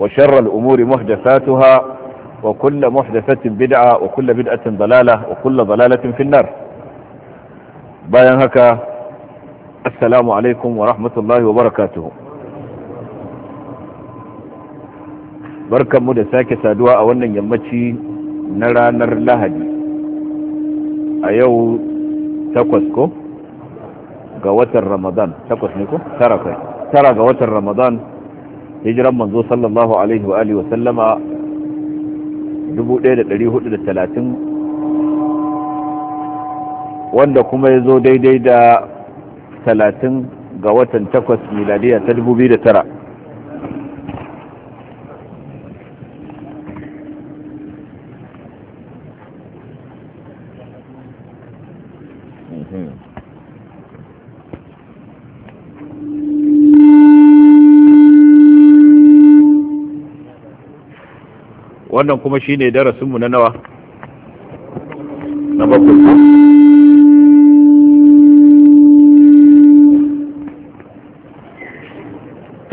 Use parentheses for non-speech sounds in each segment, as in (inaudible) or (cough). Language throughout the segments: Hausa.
وشر الأمور محدثاتها وكل محدثة بدعة وكل بدعة ضلالة وكل ضلالة في النار بيان هكا السلام عليكم ورحمة الله وبركاته بركة مدساك سادواء ون يمتي نرى نر لهج أيو تقوسكو قوة الرمضان تقوس نيكو تركي ترى قوة الرمضان hijiran manzo sallallahu alaihi wa alihi wa sallama 1430 wanda kuma ya zo daidai da 30 ga watan 8 miladiya ta 2009 wannan kuma shi ne darasinmu na nawa na bakwai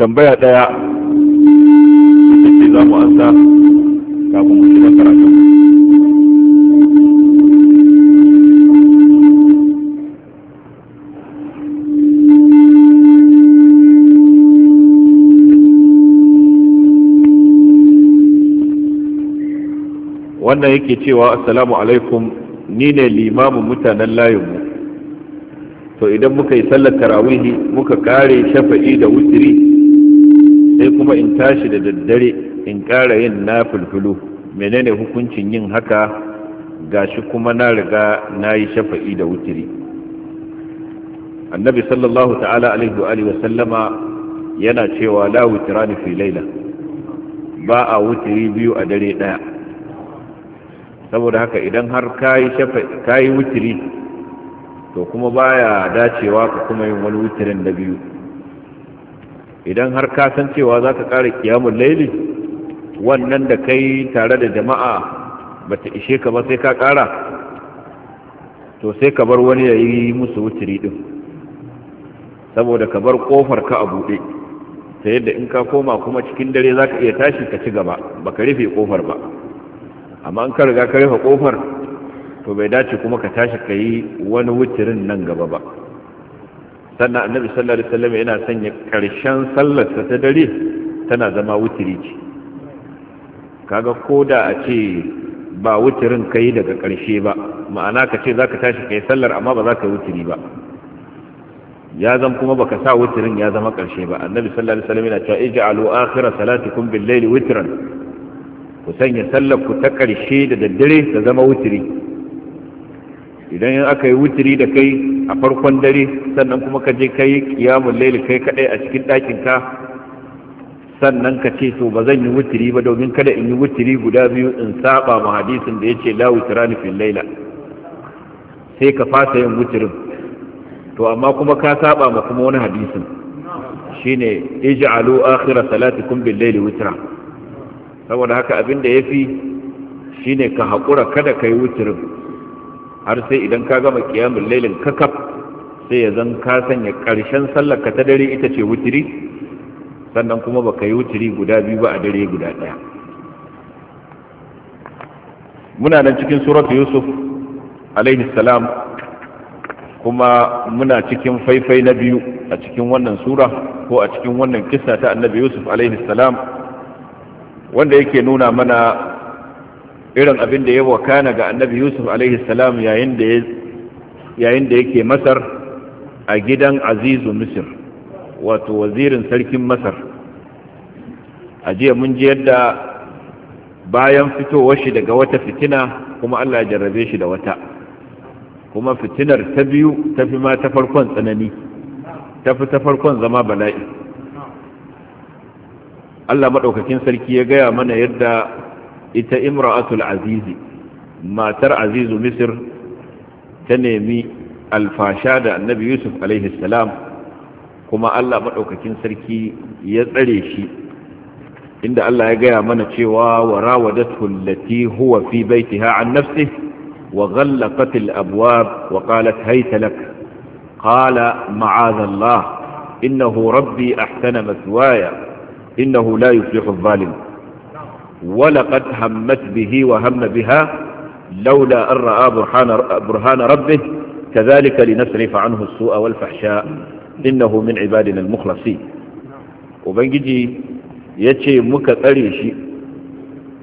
tambaya daya ita ce za mu sa kafin mu shiga karatun wannan yake cewa assalamu alaikum ni ne limamin mutanen layinmu to idan muka yi sallar tarawihi muka kare shafa'i da wutiri sai kuma in tashi da daddare in kara yin na fulfulu menene hukuncin yin haka gashi kuma na riga na yi shafa'i da wutiri annabi sallallahu ta'ala alaihi wa sallama yana cewa la wutirani fi laila ba a wutiri biyu a dare daya saboda haka idan har ka yi kayi to kuma baya dacewa ka kuma yin wani witirin da biyu idan har ka san cewa za ka ƙara kiyamun laili wannan da kai tare da jama'a bata ishe ka ba sai ka kara to sai ka bar wani ya yi musu wutiri ɗin saboda ka bar ƙofar ka a buɗe ta yadda in ka koma kuma cikin dare za ka iya tashi ka ci gaba ba ka rufe ƙofar ba amma an ka riga ka rufe kofar to bai dace kuma ka tashi ka yi wani wutirin nan gaba ba sannan annabi sallallahu alaihi wasallam yana sanya karshen sallarsa ta dare tana zama wutiri ce kaga koda a ce ba wutirin kai daga karshe ba ma'ana ka ce zaka tashi kai sallar amma ba za ka wutiri ba ya zan kuma baka sa wutirin ya zama karshe ba annabi sallallahu alaihi wasallam yana cewa ij'alu akhira salatikum bil-layli witran ku sanya sallar ku ta ƙarshe da daddare ta zama wutiri idan aka yi wutiri da kai a farkon dare sannan kuma ka je ka yi ƙiyamun laili kai kaɗai a cikin ɗakinka sannan ka ce to ba zan yi wutiri ba domin kada in yi wutiri guda biyu in saba ma hadisin da ya ce la wutirani nufin laila sai ka fasa yin wutirin to amma kuma ka saba ma kuma wani hadisin shine ij'alu akhira salatikum bil laili wutra saboda haka abin da ya fi shi ne ka haƙura kada ka yi wucirin har sai idan ka gama kiyamun lailin kakaf sai ya zan ka sanya ƙarshen sallar ka ta dare ita ce wuturi sannan kuma ba ka yi wuturi guda biyu ba a dare guda ɗaya muna nan cikin suratu yusuf alaihi salam kuma muna cikin faifai na biyu a cikin wannan sura ko a cikin wannan kisa ta annabi yusuf alaihi salam wanda yake nuna mana irin abin da ya wakana ga annabi yusuf alaihissalam yayin da yake masar a gidan azizu misir wato wazirin sarkin masar a jiya mun ji yadda bayan fitowar shi daga wata fitina kuma allah ya jarrabe shi da wata kuma fitinar ta biyu ta fi ma ta farkon tsanani ta fi ta farkon zama bala'i Allah maɗaukakin sarki ya gaya mana yadda ita imra'atul azizi matar azizu misir ta nemi alfasha da annabi yusuf alaihi salam kuma Allah maɗaukakin sarki ya tsare shi inda Allah ya gaya mana cewa wa rawadatu allati huwa fi baitiha an nafsihi وغلقت الأبواب وقالت هيت لك قال معاذ الله إنه ربي أحسن مثواي إنه لا يفلح الظالم ولقد همت به وهم بها لولا أن رأى برهان ربه كذلك لنصرف عنه السوء والفحشاء إنه من عبادنا المخلصين وبنجي يتشي مكتريشي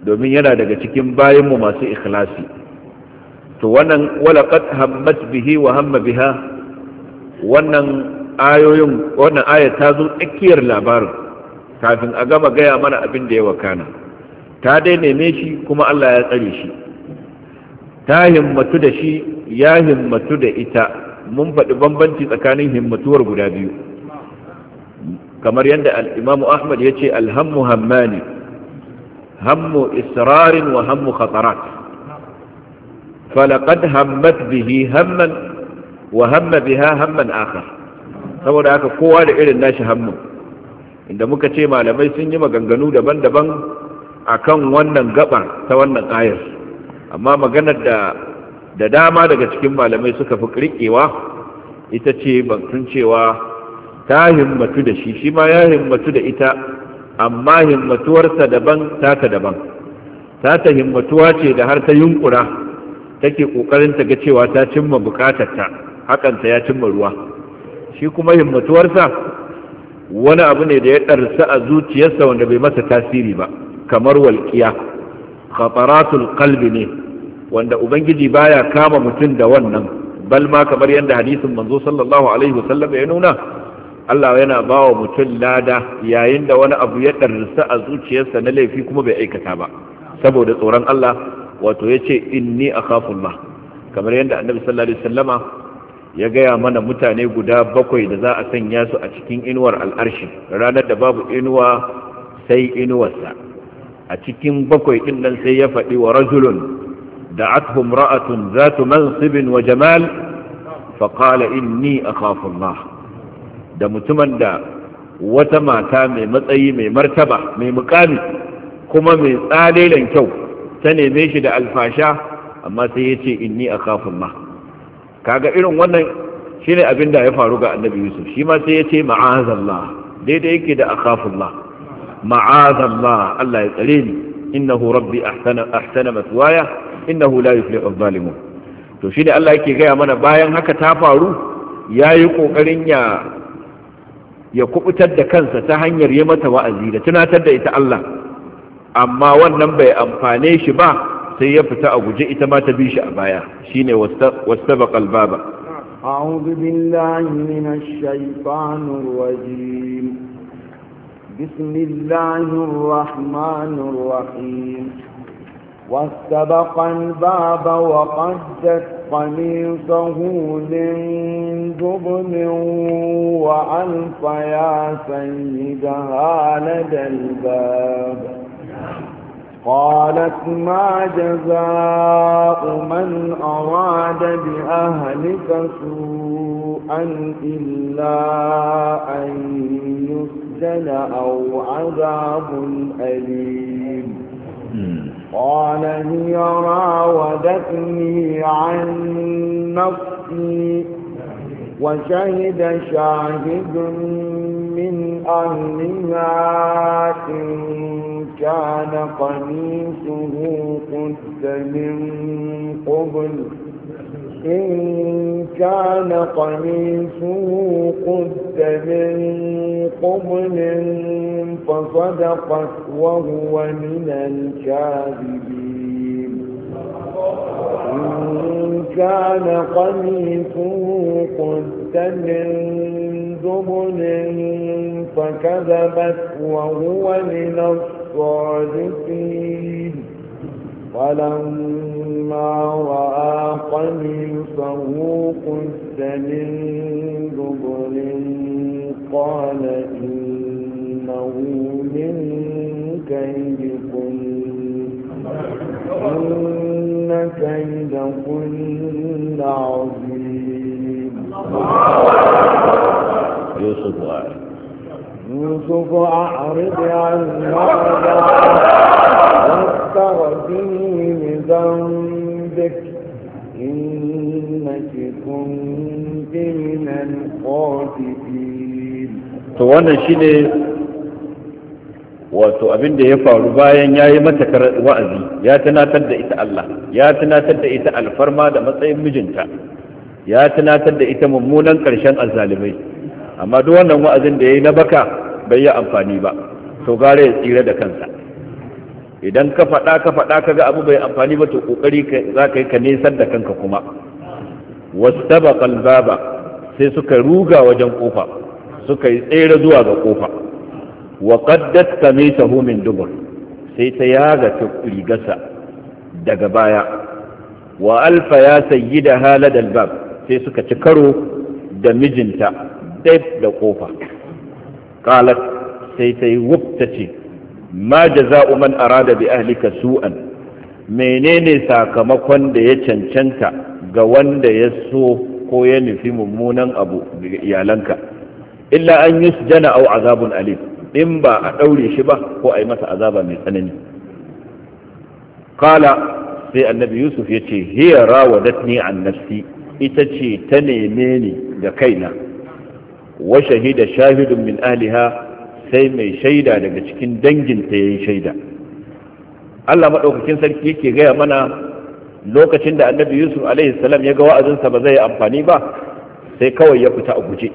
domin yana daga cikin bayanmu masu ikhlasi to wannan walaqad hammat bihi wa hamma biha wannan ayoyin wannan aya ta zo tsakiyar labarin kafin a gama gaya mana abin da ya wakana ta dai neme shi kuma Allah ya tsare shi ta himmatu da shi ya himmatu da ita mun faɗi bambanci tsakanin himmatuwar guda biyu kamar yadda alimam ahmad ya ce alhammu hammani hammu israrin wa hammu khatarat falaƙad hammat bihi hamman wa hamma biha hamman akhar saboda haka kowa da irin nashi hammun inda muka ce malamai sun yi maganganu daban-daban a kan wannan gaɓar ta wannan ayar amma maganar da da dama daga cikin malamai suka fi kirkewa ita ce batun cewa ta himmatu da shi shi ma ya himmatu da ita amma himmatuwarsa daban ta daban ta ta himmatuwa ce da har ta yunkura take kokarin ta ga cewa ta cimma bukatarta hakanta ya cimma ruwa shi kuma himmatuwarsa wani abu ne da ya ɗarsa a zuciyarsa wanda bai masa tasiri ba kamar walƙiya khataratul qalbi ne wanda ubangiji baya kama mutum da wannan bal ma kamar yadda hadisin manzo sallallahu alaihi wasallam ya nuna Allah yana ba wa mutum lada yayin da wani abu ya ɗarsa a zuciyarsa na laifi kuma bai aikata ba saboda tsoron Allah wato ya ce inni akhafullah kamar yadda annabi sallallahu alaihi wasallama ya gaya mana mutane guda bakwai da za a sanya su a cikin inuwar al'arshi ranar da babu inuwa sai inuwarsa a cikin bakwai ɗin nan sai ya faɗi wa rajulun da athum ra'atun zatu mansibin wa jamal faƙala inni a kafin da mutumin da wata mata mai matsayi mai martaba mai mukami kuma mai tsalelen kyau ta neme shi da alfasha amma sai ya ce inni a kafin ma kaga irin wannan shine abin da ya faru ga annabi yusuf shi ma sai ya ce ma'azallah daidai yake da akhafullah ma'azallah Allah ya tsare ni innahu rabbi ahsana ahsana maswaya innahu la yuflihu adh-dhalimun to shi da Allah yake gaya mana bayan haka ta faru yayi kokarin ya ya kubutar da kansa ta hanyar yi mata wa'azi da tunatar da ita Allah amma wannan bai amfane shi ba sai ya fita a guje ita ma ta bi shi a baya shine wastabaqa albaba a'udhu billahi minash shaitanir rajim bismillahir rahmanir rahim واستبق الباب وقدت قميصه من دبن وألف يا سيدها لدى الباب قالت ما جزاء من أراد بأهلك سوءا إلا أن يسجن أو عذاب أليم قال هي راودتني عن نفسي وشهد شاهد من أهلها إن كان قميصه قد من قبل إن كان قميصه قد من قبل فصدقت وهو من الكاذبين إن كان قميصه قد من دبل فكذبت وهو من الصدق الصادقين فلما رأى قميصه قد من دبر قال إنه من كيدكم إن كيدكن عظيم يوسف وعلي يوسف أعرض عن هذا واستغفري لذنبك إنك كنت من الخاطئين to wannan shine wato abin da ya faru bayan ya yi mata wa'azi ya tunatar da ita Allah ya tunatar da ita alfarma da matsayin mijinta ya tunatar da ita mummunan ƙarshen azzalumai amma duk wannan wa'azin da ya yi na baka bai yi amfani ba to gare ya tsira da kansa idan ka faɗa ka faɗa kaga abu bai amfani ba to ƙoƙari za ka yi ka nesar da kanka kuma wasaba qalbaba sai suka ruga wajen ƙofa suka yi tsere zuwa ga ƙofa. wa qaddat kamisahu min dubur sai ta yaga ta rigarsa daga baya wa alfa ya da halad albab sai suka ci karo da mijinta dai da ƙofa. قالت sai ta yi wufta ce ma jaza'u man arada bi ahlika su'an menene sakamakon da ya cancanta ga wanda ya so ko ya nufi mummunan abu daga iyalanka illa an yusjana aw azabun alim in ba a ɗaure shi ba ko a yi masa azaba mai tsanani qala sai annabi yusuf ya ce hiya rawadatni an nafsi ita ce ta neme ni da kaina wa shahida shahidun min ahliha sai mai shaida daga cikin danginta yayi shaida Allah madaukakin sarki yake gaya mana lokacin da annabi yusuf alaihi salam ya ga wa'azinsa ba zai amfani ba sai kawai ya fita a guje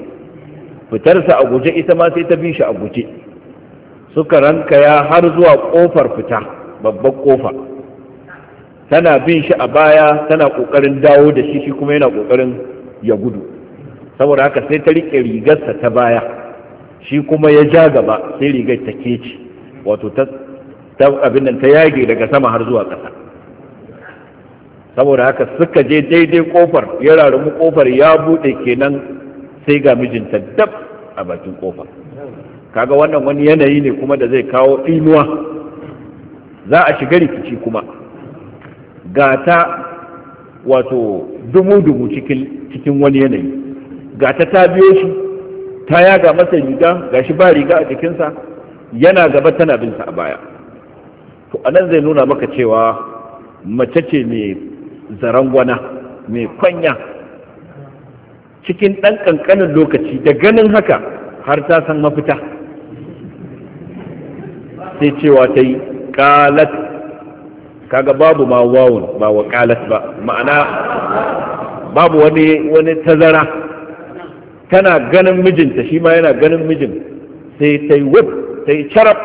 fitarsa a guje ita ma sai ta bi shi a guje suka ya har zuwa kofar fita babbar kofa tana bin shi a baya tana kokarin dawo da shi shi kuma yana kokarin ya gudu saboda haka sai ta riƙe rigarsa ta baya shi kuma ya ja gaba sai rigar ta keci wato ta abin nan ta yage daga sama har zuwa ƙasa saboda haka suka je daidai kofar ya rarumu kofar ya buɗe kenan sai ga mijinta dab a bakin kofar kaga wannan wani yanayi ne kuma da zai kawo inuwa za a shiga rikici kuma gata wato dumu-dumu cikin wani yanayi ga ta ta biyo shi ta yaga masa riga ga shi ba riga a jikinsa yana gaba tana bin sa a baya to anan zai nuna maka cewa mace ce mai zarangwana mai kwanya cikin ɗan ƙanƙanin lokaci da ganin haka har ta san mafita sai cewa ta yi ƙalat kaga babu ma wawon ba wa ƙalat ba ma'ana babu wani wani tazara tana ganin mijinta shi ma yana ganin mijin sai ta yi wuf ta yi carab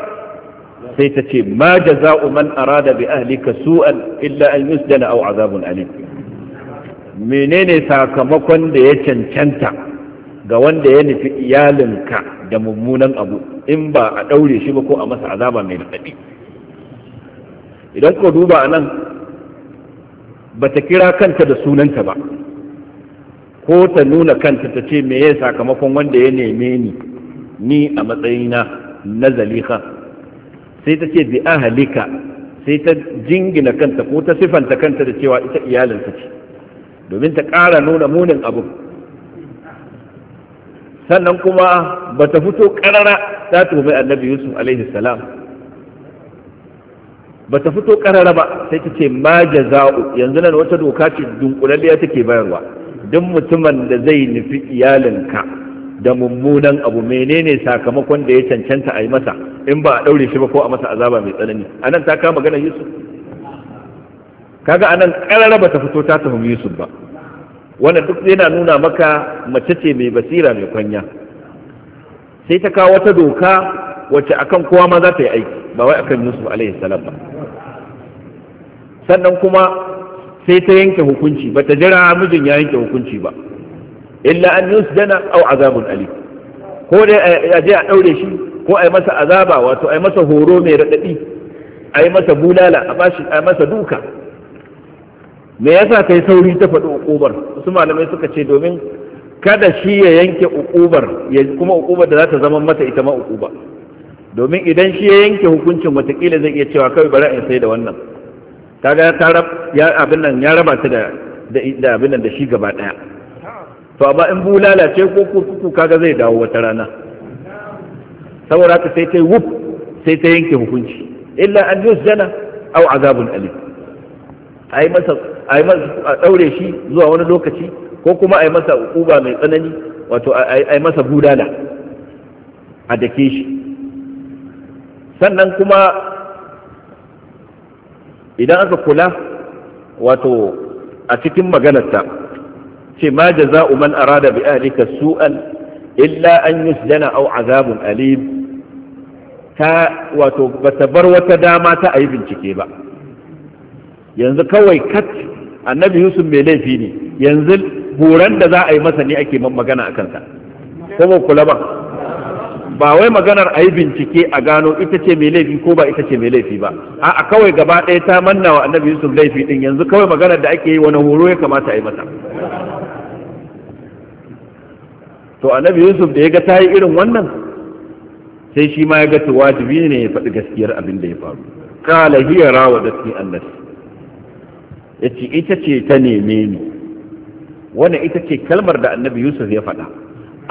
sai ta ce ma jaza'u man arada bi ahlika su'an illa an yusjana aw azabun alim menene sakamakon da ya cancanta ga wanda ya nufi iyalinka da mummunan abu in ba a daure shi ba ko a masa azaba mai daɗi idan ka duba anan bata kira kanta da sunanta ba ko ta nuna kanta ta ce me ya sakamakon wanda ya neme ni ni a matsayina na zalika sai ta ce bi ahalika sai ta jingina kanta ko ta sifanta kanta da cewa ita iyalinsa ce domin ta ƙara nuna munin abu sannan kuma ba ta fito ƙarara ta tobe annabi yusuf alaihi salam ba ta fito ƙarara ba sai ta ce ma jaza'u yanzu nan wata doka ce dunkulalliya take bayarwa duk mutumin da zai nufi iyalinka da mummunan abu menene sakamakon da ya cancanta a yi masa in ba a ɗaure shi ba ko a masa azaba mai tsanani A nan ta kama maganar yusuf kaga anan ƙarara ba ta fito ta tuhumi yusuf ba wannan duk yana nuna maka mace ce mai basira mai kwanya sai ta kawo wata doka wacce akan kowa ma za ta yi aiki ba wai akan yusuf alaihi salam ba sannan kuma sai ta yanke hukunci ba ta jira mijin ya yanke hukunci ba illa an dana au azabun Ali, ko dai a je a daure shi ko a yi masa azaba wato a yi masa horo mai radadi a yi masa bulala a bashi a yi masa duka me yasa yi sauri ta faɗi ukubar wasu malamai suka ce domin kada shi ya yanke ukubar ya kuma ukubar da za ta zama mata ita ma ukuba domin idan shi ya yanke hukuncin watakila zai iya cewa kawai bari in sai da wannan kaga ta ya abin nan ya raba ta da da abin nan da shi gaba daya to amma in bu lalace ko ku kaga zai dawo wata rana saboda haka sai ta wuf sai ta yanke hukunci illa an jana, aw azabun alim ai masa ai masa a daure shi zuwa wani lokaci ko kuma ai masa uba mai tsanani wato ai masa budala a dake shi sannan kuma idan aka kula wato a cikin maganarsa ce ma jaza'u man arada bi ahlika su'an illa an yusjana aw azabun alim ta wato bata bar wata dama ta ayi bincike ba yanzu kawai kat annabi yusuf mai laifi ne yanzu horon da za a yi masa ne ake magana a kansa kuma kula ba ba wai maganar a yi bincike a gano ita ce mai laifi ko ba ita ce mai laifi ba a kawai gaba ɗaya ta manna wa annabi yusuf laifi din yanzu kawai maganar da ake yi wani horo ya kamata a yi mata to annabi yusuf da ya ga ta yi irin wannan sai shi ma ya ga wajibi ne ya faɗi gaskiyar abin da ya faru kala hiya rawa da fi annabi ya ce ita ce ta neme ni wannan ita ce kalmar da annabi yusuf ya faɗa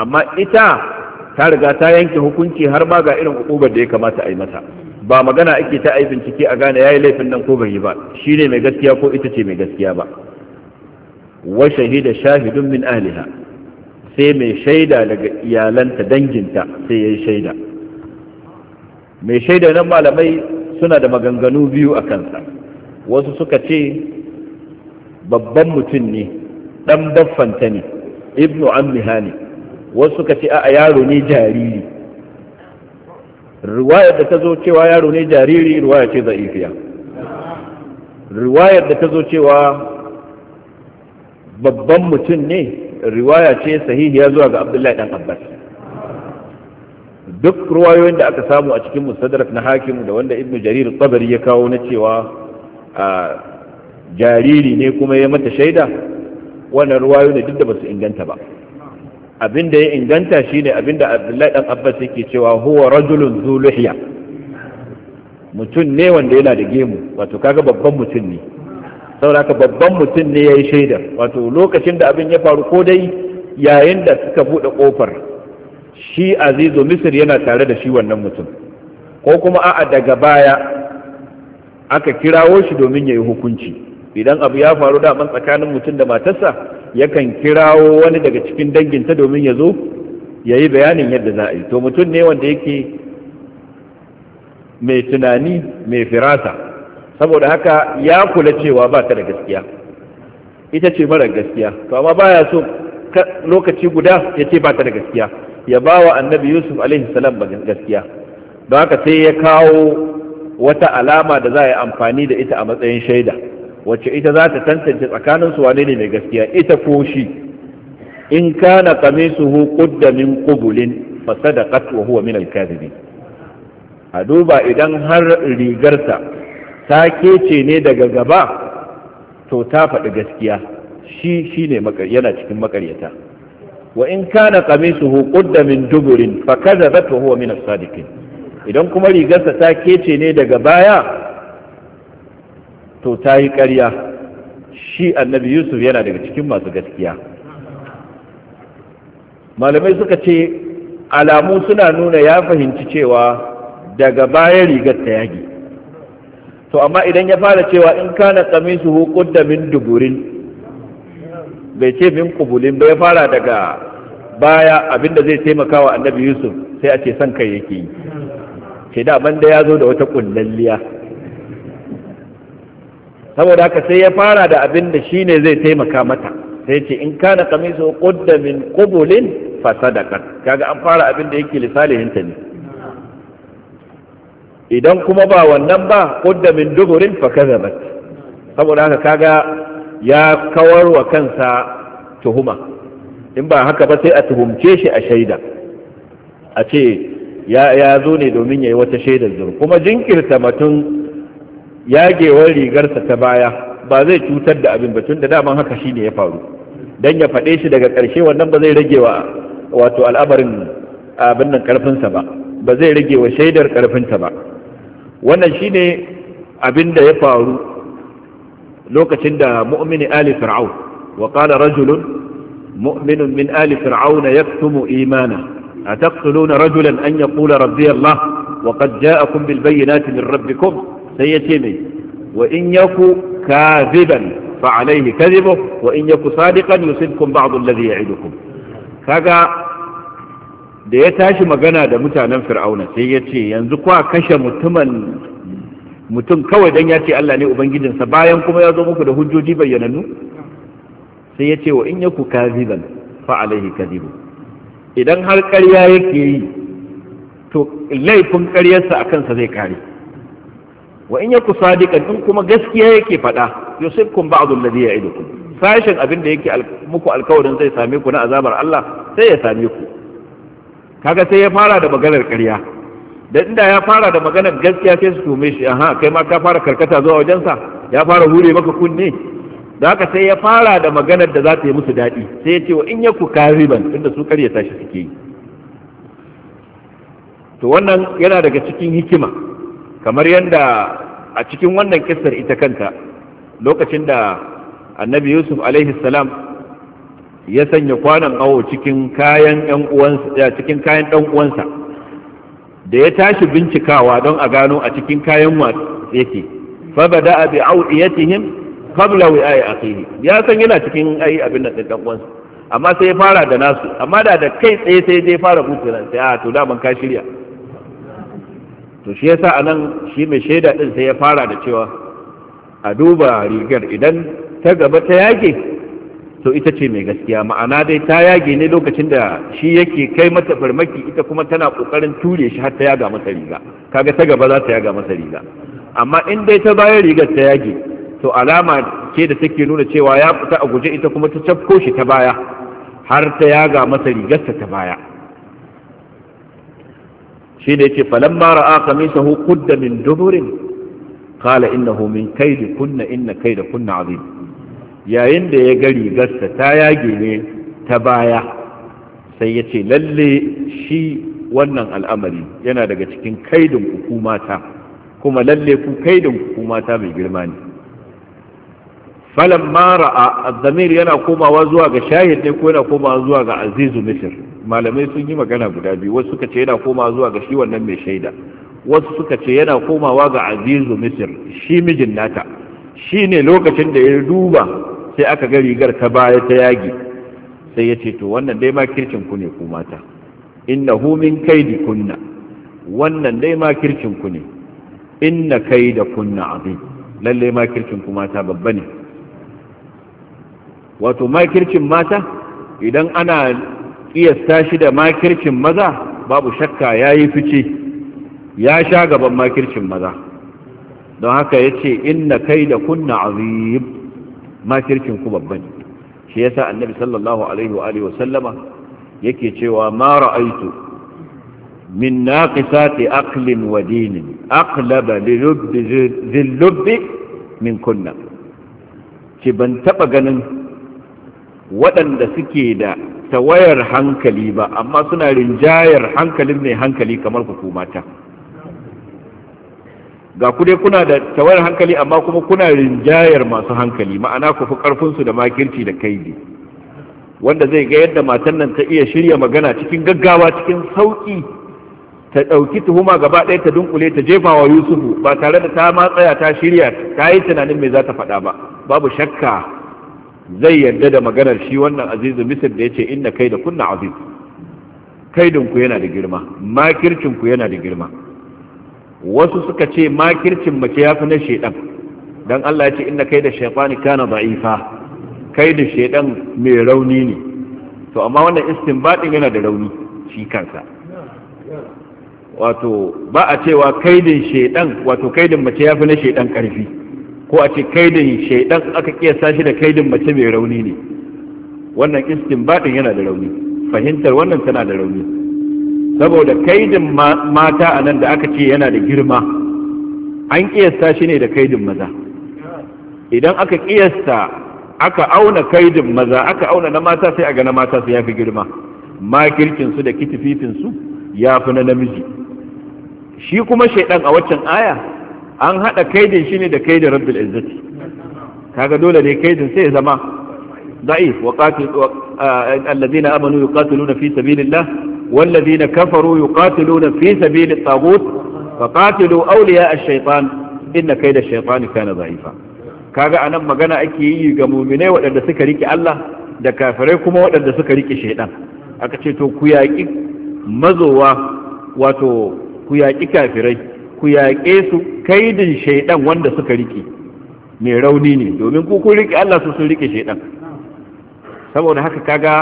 amma ita ta riga ta yanke hukunci har ma ga irin ukubar da ya kamata a yi mata ba magana ake ta ai bincike a gane yayi laifin nan ko bai ba shine mai gaskiya ko ita ce mai gaskiya ba wa shahida shahidun min ahliha sai mai shaida daga iyalanta danginta sai yayi shaida mai shaida nan malamai suna da maganganu biyu a kansa wasu suka ce babban mutum ne dan baffanta ne ibnu ammiha ne wasu ka ce a yaro ne jariri riwayar da ta zo cewa yaro ne jariri riwaya ce za'ifiya riwayar da ta zo cewa babban mutum ne riwaya ce sahihi ya zuwa ga abdullahi dan abbas duk ruwayoyin da aka samu a cikin mustadrak na hakimu da wanda ibnu jarir tabari ya kawo na cewa a jariri ne kuma ya mata shaida wannan riwayoyin ne duk da basu inganta ba da ya inganta shine da abdullahi dan abbas yake cewa huwa rajulun zuluhiya mutum ne wanda yana da gemu wato kaga babban mutum ne saboda babban mutum ne yayi shaidar wato lokacin da abin ya faru ko dai yayin da suka bude kofar shi azizu misir yana tare da shi wannan mutum ko kuma a'a daga baya aka kirawo shi domin yayi hukunci idan abu ya faru daman tsakanin mutum da matarsa yakan kirawo wani daga cikin danginta domin ya zo ya yi bayanin yadda za a yi to mutum ne wanda yake mai tunani mai firasa saboda haka ya kula cewa ba ta da gaskiya ita ce mara gaskiya to amma baya so lokaci guda ya ce ba ta da gaskiya ya ba wa annabi yusuf alaihi salam gaskiya don haka sai ya kawo wata alama da za a yi amfani da ita a matsayin shaida wacce ita za ta tantance tsakanin su wane ne mai gaskiya ita ko shi in kana qamisuhu qudda min qubulin fa sadaqat wa huwa min al a duba idan har rigarta ta kece ne daga gaba to ta faɗi gaskiya shi shine yana cikin makaryata wa in kana qamisuhu qudda min duburin fa kadhabat wa huwa min as idan kuma rigarsa ta kece ne daga baya to ta yi ƙarya shi annabi yusuf yana daga cikin masu gaskiya malamai suka ce alamu suna nuna ya fahimci cewa daga baya rigar ta yage to amma idan ya fara cewa in kana hukun da min duburin bai ce min kubulin bai fara daga baya abinda zai taimaka wa annabi yusuf sai a ce son kai yake yi ce da ya zo da wata kullalliya saboda haka sai ya fara da abin da shi ne zai taimaka mata sai ce in kana kamisu kudda min qubulin fasadaqat kaga an fara abin da yake lisalihin ta ne idan kuma ba wannan ba kudda min duburin fakazabat saboda haka kaga ya kawar wa kansa tuhuma in ba haka ba sai a tuhumce shi a shaida a ce ya zo ne domin ya yi wata shaidar zur kuma jinkirta mutum yagewar rigarsa ta baya ba zai cutar da abin batun da daman haka shine ya faru dan ya faɗe shi daga ƙarshe wannan ba zai rage wa wato al'amarin abin nan ƙarfinsa ba ba zai rage wa shaidar ƙarfinta ba wannan ne abin da ya faru lokacin da mu'mini ali fir'aun wa qala rajulun mu'minun min ali fir'auna yaktumu imana أتقتلون رجلا أن يقول ربي الله وقد جاءكم بالبينات من ربكم sai ya ce mai wa in yaku kaziban fa alaihi kadhibu wa in yaku sadiqan yusibkum ba'd alladhi ya'idukum kaga da ya tashi magana da mutanen fir'auna sai ya ce yanzu kwa kashe mutumin mutum kawai dan ya ce Allah ne ubangijinsa bayan kuma ya zo muku da hujjoji bayyanannu sai ya ce wa in yaku kaziban fa alaihi kadhibu idan har ƙarya yake yi to laifin ƙaryarsa a kansa zai kare wa in yaku sadiqan in kuma gaskiya yake faɗa yusibkum ba'dhu alladhi ya'idukum sashin abin da yake muku alkawarin zai same ku na azabar Allah sai ya same ku kaga sai ya fara da maganar ƙarya da inda ya fara da maganar gaskiya sai su tume shi aha kai ma ka fara karkata zuwa wajensa ya fara hure maka kunne da haka sai ya fara da maganar da za ta yi musu daɗi sai ya ce wa in yaku kariban tunda su karya tashi suke yi to wannan yana daga cikin hikima kamar yadda a cikin wannan kisar ita kanta lokacin da annabi yusuf alaihi salam ya sanya kwanan awo cikin kayan ɗan uwansa cikin kayan ɗan uwansa da ya tashi bincikawa don a gano a cikin kayan wasu yake fa bada bi ya qabla wi'ai akhihi ya san yana cikin ayi abin da ɗan uwansa amma sai ya fara da nasu amma da da kai tsaye sai dai fara butura sai a ah, to da ban ka shirya to shi yasa anan shi mai shaida din sai ya fara da cewa a duba rigar idan ta gaba ta yage to ita ce mai gaskiya ma'ana dai ta yage ne lokacin da shi yake kai mata farmaki ita kuma tana kokarin ture shi har ta yaga masa riga kaga ta gaba za ta yaga masa riga amma in dai ta bayan rigar ta yage to alama ce da take nuna cewa ya fita a guje ita kuma ta cafko shi ta baya har ta yaga masa rigarsa ta baya shi ne ce falamma ra'a qamisahu qudda min duburin qala innahu min kaidi kunna inna da kunna abin. yayin da ya ga rigarsa ta yage ne ta baya sai ya ce lalle shi wannan al'amari yana daga cikin kaidin hukumata kuma lalle ku kaidin hukumata mai girma ne falamma ra'a az-zamir yana komawa zuwa ga shahid ne ko yana komawa zuwa ga azizu misr malamai sun yi magana guda biyu wasu suka ce yana komawa zuwa ga shi wannan mai shaida wasu suka ce yana komawa ga azizu misir shi mijin nata shi ne lokacin da ya duba sai aka ga rigar ta baya ta yagi sai ya ce to wannan dai ma kircin ku ne ku mata hu min kaidi kunna wannan dai ma kircin ku ne inna kaida kunna azim lalle ma kircin ku mata babba ne wato ma kircin mata idan ana ƙiyasta shi da makircin maza babu shakka ya yi fice ya sha gaban makircin maza don haka ya ce inna kai da kunna azim makircin ku babban shi yasa annabi sallallahu alaihi wa sallama yake cewa ma ra'aitu min naqisati aqlin wa dinin aqlaba lilubbi min kunna ce ban taɓa ganin waɗanda suke da tawayar hankali ba amma suna rinjayar hankalin mai hankali kamar ku mata ga ku dai kuna da tawayar hankali amma kuma kuna rinjayar masu hankali ma'ana ku fi karfinsu da makirci da kaidi wanda zai ga yadda matan nan ta iya shirya magana cikin gaggawa cikin sauƙi ta ɗauki tuhuma gaba ɗaya ta dunkule ta jefa wa yusufu ba tare da ta matsaya ta shirya ta yi tunanin me za ta faɗa ba babu shakka zai yarda da maganar shi wannan azizu misir da ya ce inna kai da kunna aziz kaidinku yana da girma makircinku yana da girma wasu suka ce makircin mace ya fi na shaidan don Allah ya ce inna kai da shaifani kana za'ifa kai da shaidan mai rauni ne to amma wannan istinbadin yana da rauni shi kansa wato ba a cewa kaidin shaidan wato kaidin mace ya fi na shaidan karfi ko a ce kaidin shaidan aka kiyasa shi da kaidin mace mai rauni ne wannan istinbadin yana da rauni fahimtar wannan tana da rauni saboda kaidin mata a nan da aka ce yana da girma an kiyasta shi ne da kaidin maza idan aka kiyasta aka auna kaidin maza aka auna na mata sai a ga na mata su yafi girma su da kitififinsu ya fi na namiji shi kuma shaidan a waccan aya an haɗa kaidin shi ne da kaidin rabbil izzati kaga dole ne kaidin sai ya zama ضعيف وقاتل الذين امنوا يقاتلون في سبيل الله والذين كفروا يقاتلون في سبيل الطاغوت فقاتلوا اولياء الشيطان ان كيد الشيطان كان ضعيفا kaga anan magana ake yi ga muminai waɗanda suka rike Allah da kafirai kuma waɗanda suka rike shaidan aka ce to ku yaƙi mazowa wato ku yaƙi kafirai ku yaƙe su kaidin shaidan wanda suka rike mai rauni ne domin ku rike Allah su sun rike shaidan saboda haka kaga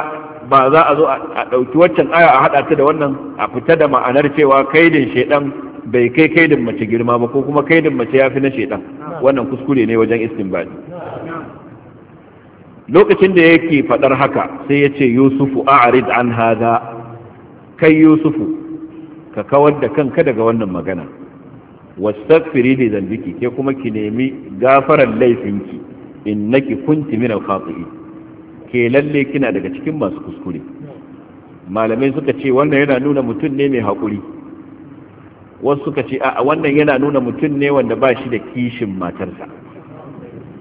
ba za a zo a ɗauki waccan aya a haɗa ta da wannan a fita da ma'anar cewa kaidin shaidan bai kai kaidin mace girma ba ko kuma kaidin mace ya fi na shaidan wannan kuskure ne wajen istinbadi lokacin da yake faɗar haka sai ya ce yusufu a'rid an hada kai yusufu ka kawar da kanka daga wannan magana wastaghfiri li dhanbiki ke kuma ki nemi gafaran laifinki innaki kunti min al-khati'in ke lalle kina daga cikin masu kuskure malamai suka ce wannan yana nuna mutum ne mai haƙuri wasu suka ce a wannan yana nuna mutum ne wanda ba shi da kishin matarsa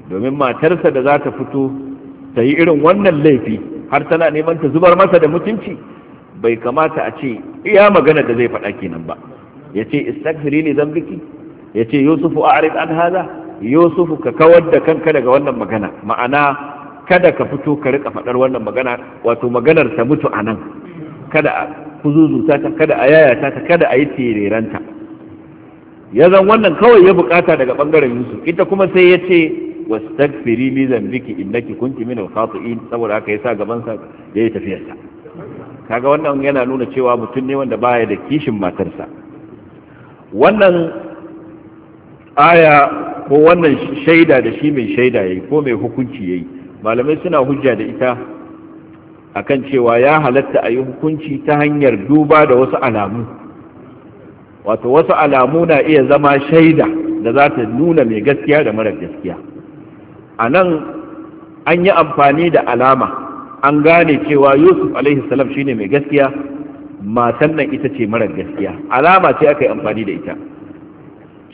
domin matarsa da za ta fito ta yi irin wannan laifi har tana neman ta zubar masa da mutunci bai kamata a ce iya magana da zai faɗa kenan ba yace istaghfiri li dhanbiki yace yusufu a'rid an haza yusufu ka kawar da kanka daga wannan magana ma'ana kada ka fito ka rika faɗar wannan magana wato maganar ta mutu anan kada a kuzuzuta ta kada a yayata ta kada a yi tereranta ya zan wannan kawai ya bukata daga bangaren yusuf ita kuma sai ya ce wastagfiri li zambiki innaki kunti minal khati'in saboda haka yasa gaban sa yayi tafiyarsa kaga wannan yana nuna cewa mutum ne wanda baya da kishin matarsa wannan aya ko wannan shaida da shi mai shaida yayi ko mai hukunci yayi malamai suna hujja da ita akan cewa ya halatta a yi hukunci ta hanyar duba da wasu alamu wato wasu alamu na iya zama shaida da za ta nuna mai gaskiya da mara gaskiya a nan an yi amfani da alama an gane cewa yusuf alaihi salam shine mai gaskiya matan nan ita ce marar gaskiya alama ce aka yi amfani da ita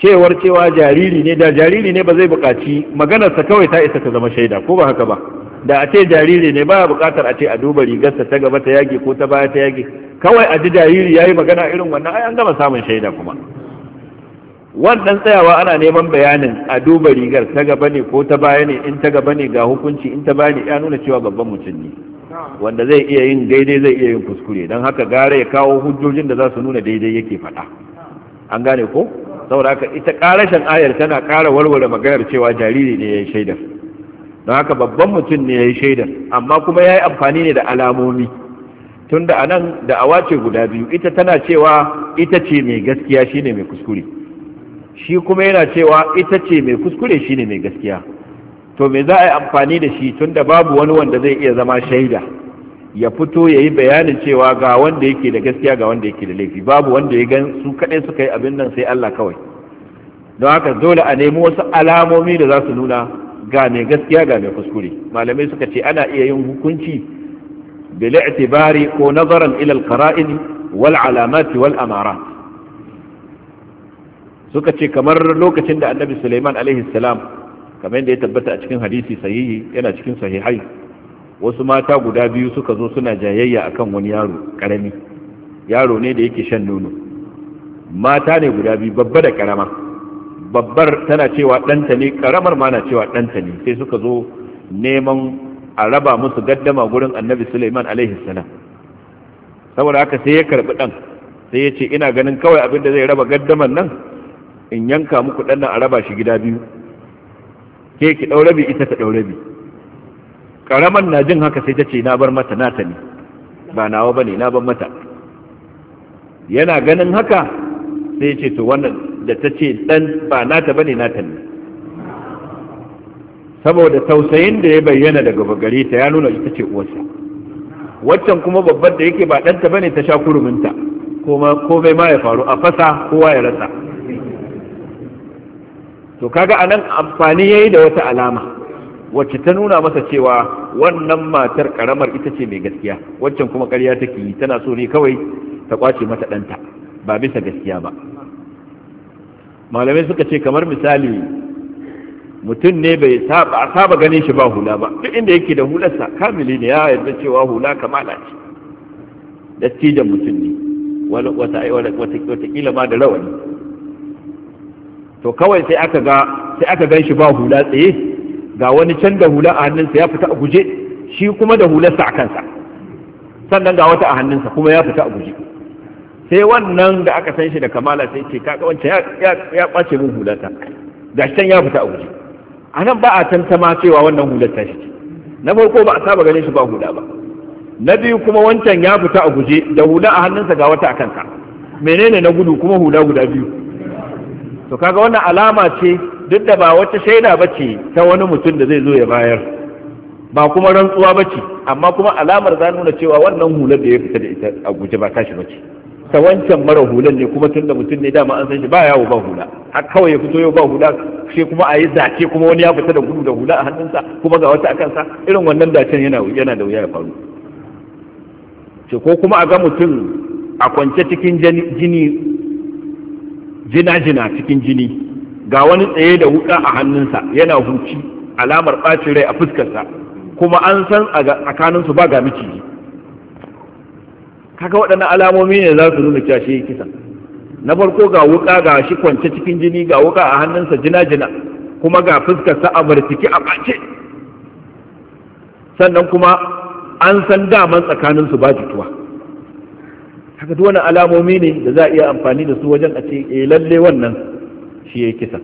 cewar cewa jariri ne da jariri ne ba zai buƙaci maganarsa kawai ta isa ta zama shaida ko ba haka ba da a ce jariri ne ba buƙatar a ce a duba rigarsa ta gaba ta yage ko ta baya ta yage kawai a ji jariri ya yi magana irin wannan ai an gama samun shaida kuma wannan tsayawa ana neman bayanin a duba rigar ta gaba ne ko ta baya ne in ta gaba ne ga hukunci in ta baya ne ya nuna cewa babban mutum ne wanda zai iya yin daidai zai iya yin kuskure don haka gare ya kawo hujjojin da za su nuna daidai yake faɗa an gane ko saboda haka ita karashin ayar tana ƙara warware maganar cewa jariri ne ya yi shaidar don haka babban mutum ne ya yi shaidar amma kuma ya yi amfani ne da alamomi tun da anan da awa ce guda biyu ita tana cewa ita ce mai gaskiya shine mai kuskure shi kuma yana cewa ita ce mai kuskure shine mai gaskiya to me za a yi amfani da shi tunda babu wani wanda zai iya zama shaida ya fito ya yi bayanin cewa ga wanda yake da gaskiya ga wanda yake da laifi babu wanda ya gan su kaɗai suka yi abin nan sai Allah kawai don haka dole a nemi wasu alamomi da za su nuna ga mai gaskiya ga mai kuskure malamai suka ce ana iya yin hukunci bil i'tibari ko nazaran ila al qara'in wal alamat wal amarat suka ce kamar lokacin da annabi Sulaiman alaihi salam kamar da ya tabbata a cikin hadisi sahihi yana cikin sahihai wasu mata guda biyu suka zo suna jayayya akan wani yaro karami yaro ne da yake shan nono mata ne guda biyu babba da karama babbar tana cewa ɗanta ne karamar ma na cewa ɗanta ne sai suka zo neman a raba musu gaddama gurin annabi suleiman alaihi salam saboda haka sai ya karbi ɗan sai ya ce ina ganin kawai abin da zai raba gaddaman nan in yanka muku ɗan nan a raba shi gida biyu ke ki daurabi ita ta daurabi karaman ƙaraman na jin haka sai ta ce na bar mata nata ne ba nawa ba ne na bar mata yana ganin haka sai ce to wannan da ta ce dan ba nata bane nata ne saboda tausayin da ya bayyana daga bagare ta ya nuna ita ce uwarsa waccan kuma babbar da yake ba ɗanta bane ta sha kuruminta komai ma ya faru a fasa kowa ya rasa to kaga anan amfani yayi da wata alama wacce ta nuna masa cewa wannan matar karamar ita ce mai gaskiya waccan kuma ƙarya take yi tana so ne kawai ta kwace mata ɗanta ba bisa gaskiya ba malamai suka ce kamar misali mutum ne bai saba ganin shi ba hula ba duk inda yake da hularsa kamili ne ya yarda cewa hula kamala ce dattijan mutum ne watakila ma da rawani to kawai sai aka ga sai aka gan shi ba hula tsaye ga wani can da hula a hannunsa ya fita a guje shi kuma da hularsa a kansa sannan ga wata a hannunsa kuma ya fita a guje sai wannan da aka san shi da kamala sai ce kaga wancan ya kwace min hulata gashi can ya fita a guje a nan ba a tantama cewa wannan hular ta shi na farko ba a saba ganin shi ba hula ba na biyu kuma wancan ya fita a guje da hula a hannunsa ga wata a kansa menene na gudu kuma hula guda biyu to kaga wannan alama ce duk da ba wata shaida bace ta wani mutum da zai zo ya bayar ba kuma rantsuwa bace amma kuma alamar za nuna cewa wannan hular da ya fita da ita a guje ba ba bace ta wancan mara hular ne kuma tunda mutum ne dama an san shi ba yawo ba hula har kawai ya fito yau ba hula sai kuma a yi zace kuma wani ya fita da gudu da hula a hannunsa kuma ga wata a kansa irin wannan dacen yana yana da wuya ya faru ko kuma a ga mutum a kwance cikin jini jina-jina cikin jini ga wani tsaye da wuka a hannunsa yana huci alamar ɓacin rai a fuskarsa kuma an san a tsakaninsu ba ga miciji kaga waɗannan alamomi ne za su nuna cashe shi kisa na farko ga wuka ga shi kwance cikin jini ga wuka a hannunsa jina-jina kuma ga fuskarsa a martiki a ɓace sannan kuma an san daman tsakaninsu ba jituwa haka duk wani alamomi ne da za a iya amfani da su wajen a ce eh lalle wannan shi ya kisa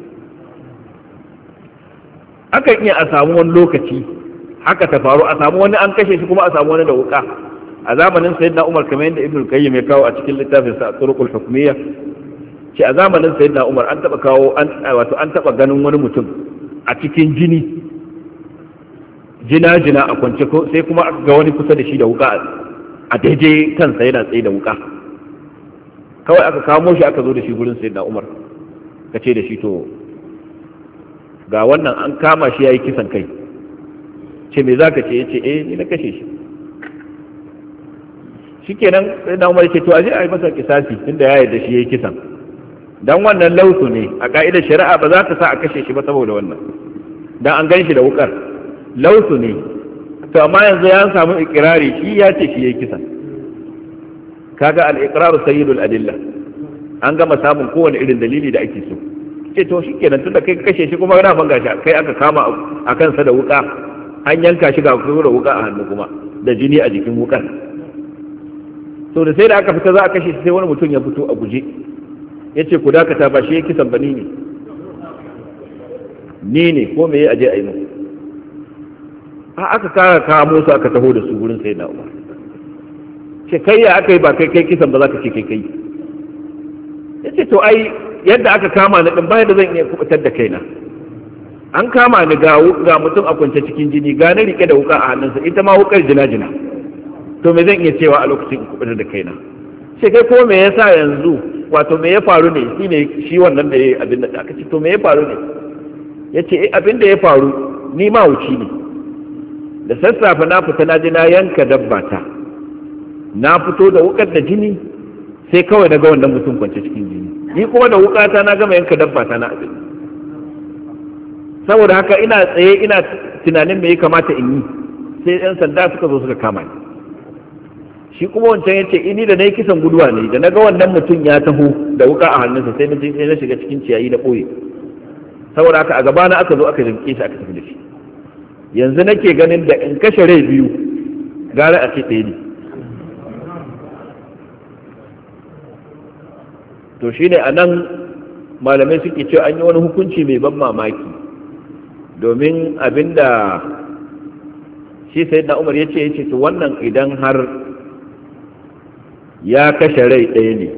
akan iya a samu wani lokaci haka ta faru a samu wani an kashe shi kuma a samu wani da wuka a zamanin sayyidina Umar kamar yadda Ibn Qayyim ya kawo a cikin littafin sa Turuqul Hukmiyya ce a zamanin sayyidina Umar an taba kawo an wato an taba ganin wani mutum a cikin jini jina jina a kwance sai kuma ga wani kusa da shi da wuka a daidai kansa yana tsaye da wuka kawai aka kamo shi aka zo da shi gurin da umar ka ce da shi to ga wannan an kama shi ya yi kisan kai ce me za ka ce ya ce eh ni na kashe shi shi kenan da umar ce to a je a yi masa kisasi inda ya yarda shi ya yi kisan dan wannan lausu ne a ka'idar shari'a ba za ta sa a kashe shi ba saboda wannan dan an gan shi da wukar lausu ne to amma yanzu ya samu ikirari shi ya ce shi yayi kisa kaga al-iqraru sayyidul adilla an gama samun kowane irin dalili da ake so ce to shikenan tunda kai kashe shi kuma na fanga shi kai aka kama a kansa da wuka an yanka shi ga kura wuka a hannu kuma da jini a jikin wukan to da sai da aka fita za a kashe shi sai wani mutum ya fito a guje yace ku dakata ba shi kisan bani ne ni ne ko me ya aje a yi muku a aka kara kamo su aka taho da su wurin sai na umar ce kai ya aka yi ba kai kai kisan ba za ka ce kai kai ya ce to ai yadda aka kama ni ɗin bayan da zan iya kubutar da kaina an kama ni ga mutum a kwance cikin jini ga na rike da wuka a hannunsa ita ma wukar jina-jina to me zan iya cewa a lokacin in kubutar da kaina ce kai ko me yasa yanzu wato me ya faru ne shi ne shi wannan da ya yi abin da aka ce to me ya faru ne ya ce eh, abin da ya faru ni ma wuci ne da sassafe na fita na je na yanka dabba ta na fito da wukar da jini sai kawai na ga wannan mutum kwance cikin jini ni kuma da wukata na gama yanka dabba ta na abin saboda haka ina tsaye ina tunanin me ya kamata in yi sai yan sanda suka zo suka kama ni shi kuma wancan yace ini eh, da nayi kisan guduwa ne da naga wannan mutum ya taho da wuka a hannunsa sai na na shiga cikin ciyayi na boye saboda haka a gaba na aka zo aka jinke shi aka tafi da shi yanzu nake ganin da in kashe rai biyu gara a cikin ne to ne a nan malamai suke ce an yi wani hukunci mai ban mamaki domin abinda shi sai na umar ya ce ya ce wannan idan har ya kashe rai ɗaya ne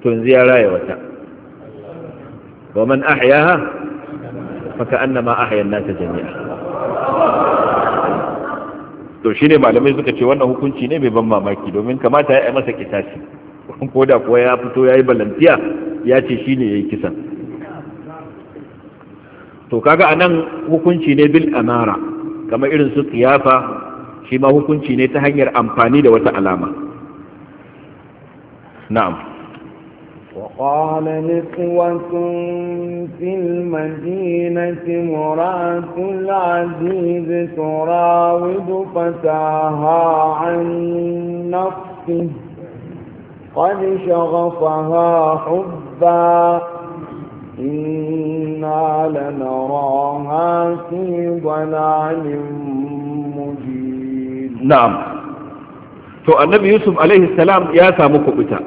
tun ya wata ba man ahyaha faka annama ahyan nasa jami'a to shine malamai suka ce wannan hukunci ne mai ban mamaki domin kamata ya yi masa kitasi (laughs) ko da kuwa ya fito ya yi balantiya ya ce shi ne ya yi kisan to kaga a nan hukunci ne bil amara kamar irin su kiyafa shi ma hukunci ne ta hanyar amfani da wata alama na'am قال نسوة في المدينة مرأة العزيز تراود فتاها عن نفسه قد شغفها حبا إنا لنراها في ضلال مجيد نعم تو النبي يوسف عليه السلام يا samu kubuta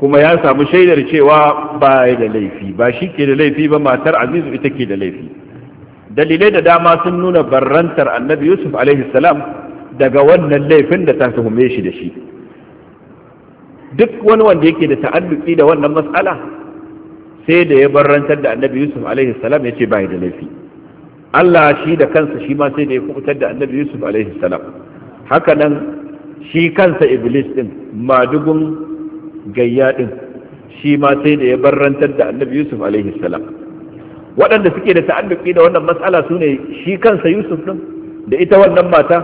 kuma ya samu shaidar cewa ba da laifi ba shi ke da laifi ba matar azizu ita ke da laifi dalilai da dama sun nuna barrantar annabi yusuf salam daga wannan laifin da ta tuhume shi da shi duk wani wanda yake da ta'adduki da wannan matsala sai da ya barrantar da annabi yusuf salam ya ce ba da laifi allah shi da kansa shi ma sai da ya kubutar da annabi yusuf salam haka nan shi kansa iblis din madugun gayya ɗin shi ma sai da ya barrantar da annabi yusuf alaihi salam waɗanda suke da ta'alluki da wannan matsala su ne shi kansa yusuf din da ita wannan mata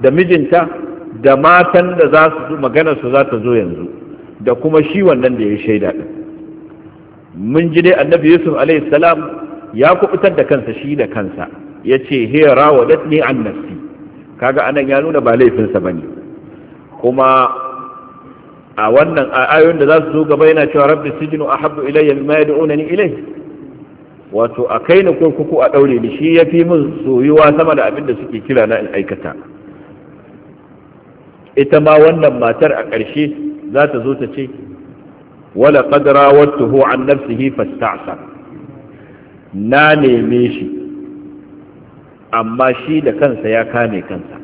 da mijinta da matan da za su magana su za ta zo yanzu da kuma shi wannan da ya shaida din mun ji dai annabi yusuf alaihi salam ya kubutar da kansa shi da kansa ya ce hiya rawadatni an nafsi kaga anan ya nuna ba laifinsa bane kuma a wannan ayoyin da za su zo gaba yana cewa rabbi sijinu ahabbu ilayya da'una ni ilai wato a kai ni kurkuku a daure ni shi yafi min soyuwa sama da abin da suke kira na in aikata ita ma wannan matar a ƙarshe za ta zo ta ce wala qad rawattuhu an nafsihi fasta'sa na neme shi amma shi da kansa ya kame kansa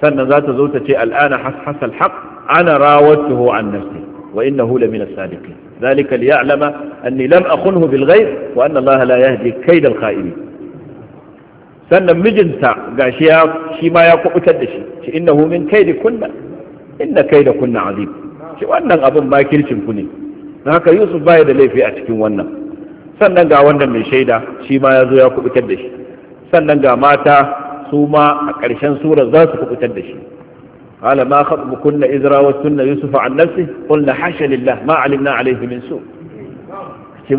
sannan za ta zo ta ce al'ana hasal haqq ana rawatuhu an nafsi wa innahu lamina sadiqin ذلك ليعلم أني لم أخنه بالغيب وأن الله لا يهدي كيد الخائرين sannan mijinta gashi ya shi ma ya kubutar da shi shi innahu min kaidi kunna inna kaida kunna azim shi wannan abin ba kircin ku ne don haka Yusuf baya da laifi a cikin wannan sannan ga wannan mai shaida shi ya zo ya kubutar da shi sannan ga mata su ma a ƙarshen sura za su kubutar da shi قال ما خطبكن إذ راوتن يوسف عن نفسه قلنا حاشا لله ما علمنا عليه من سوء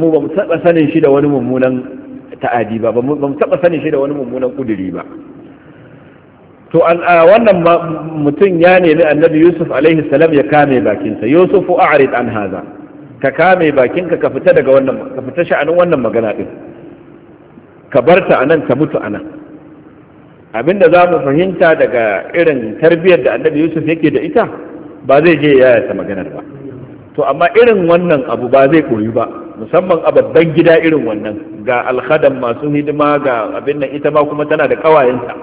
mu ba mu taɓa sanin shi wani mummunan ta'adi ba ba taɓa sanin shi wani mummunan kuduri ba to wannan mutum ya nemi annabi yusuf alaihi salam ya kame bakinsa yusuf a'rid an haza ka kame bakinka ka fita daga wannan ka fita sha'anin wannan magana ka barta anan ka mutu anan abin da za mu fahimta daga irin tarbiyyar da annabi yusuf yake da ita ba zai je ya yasa maganar ba to amma irin wannan abu ba zai koyi ba musamman a babban gida irin wannan ga alhadan masu hidima ga abin nan ita ma kuma tana da kawayenta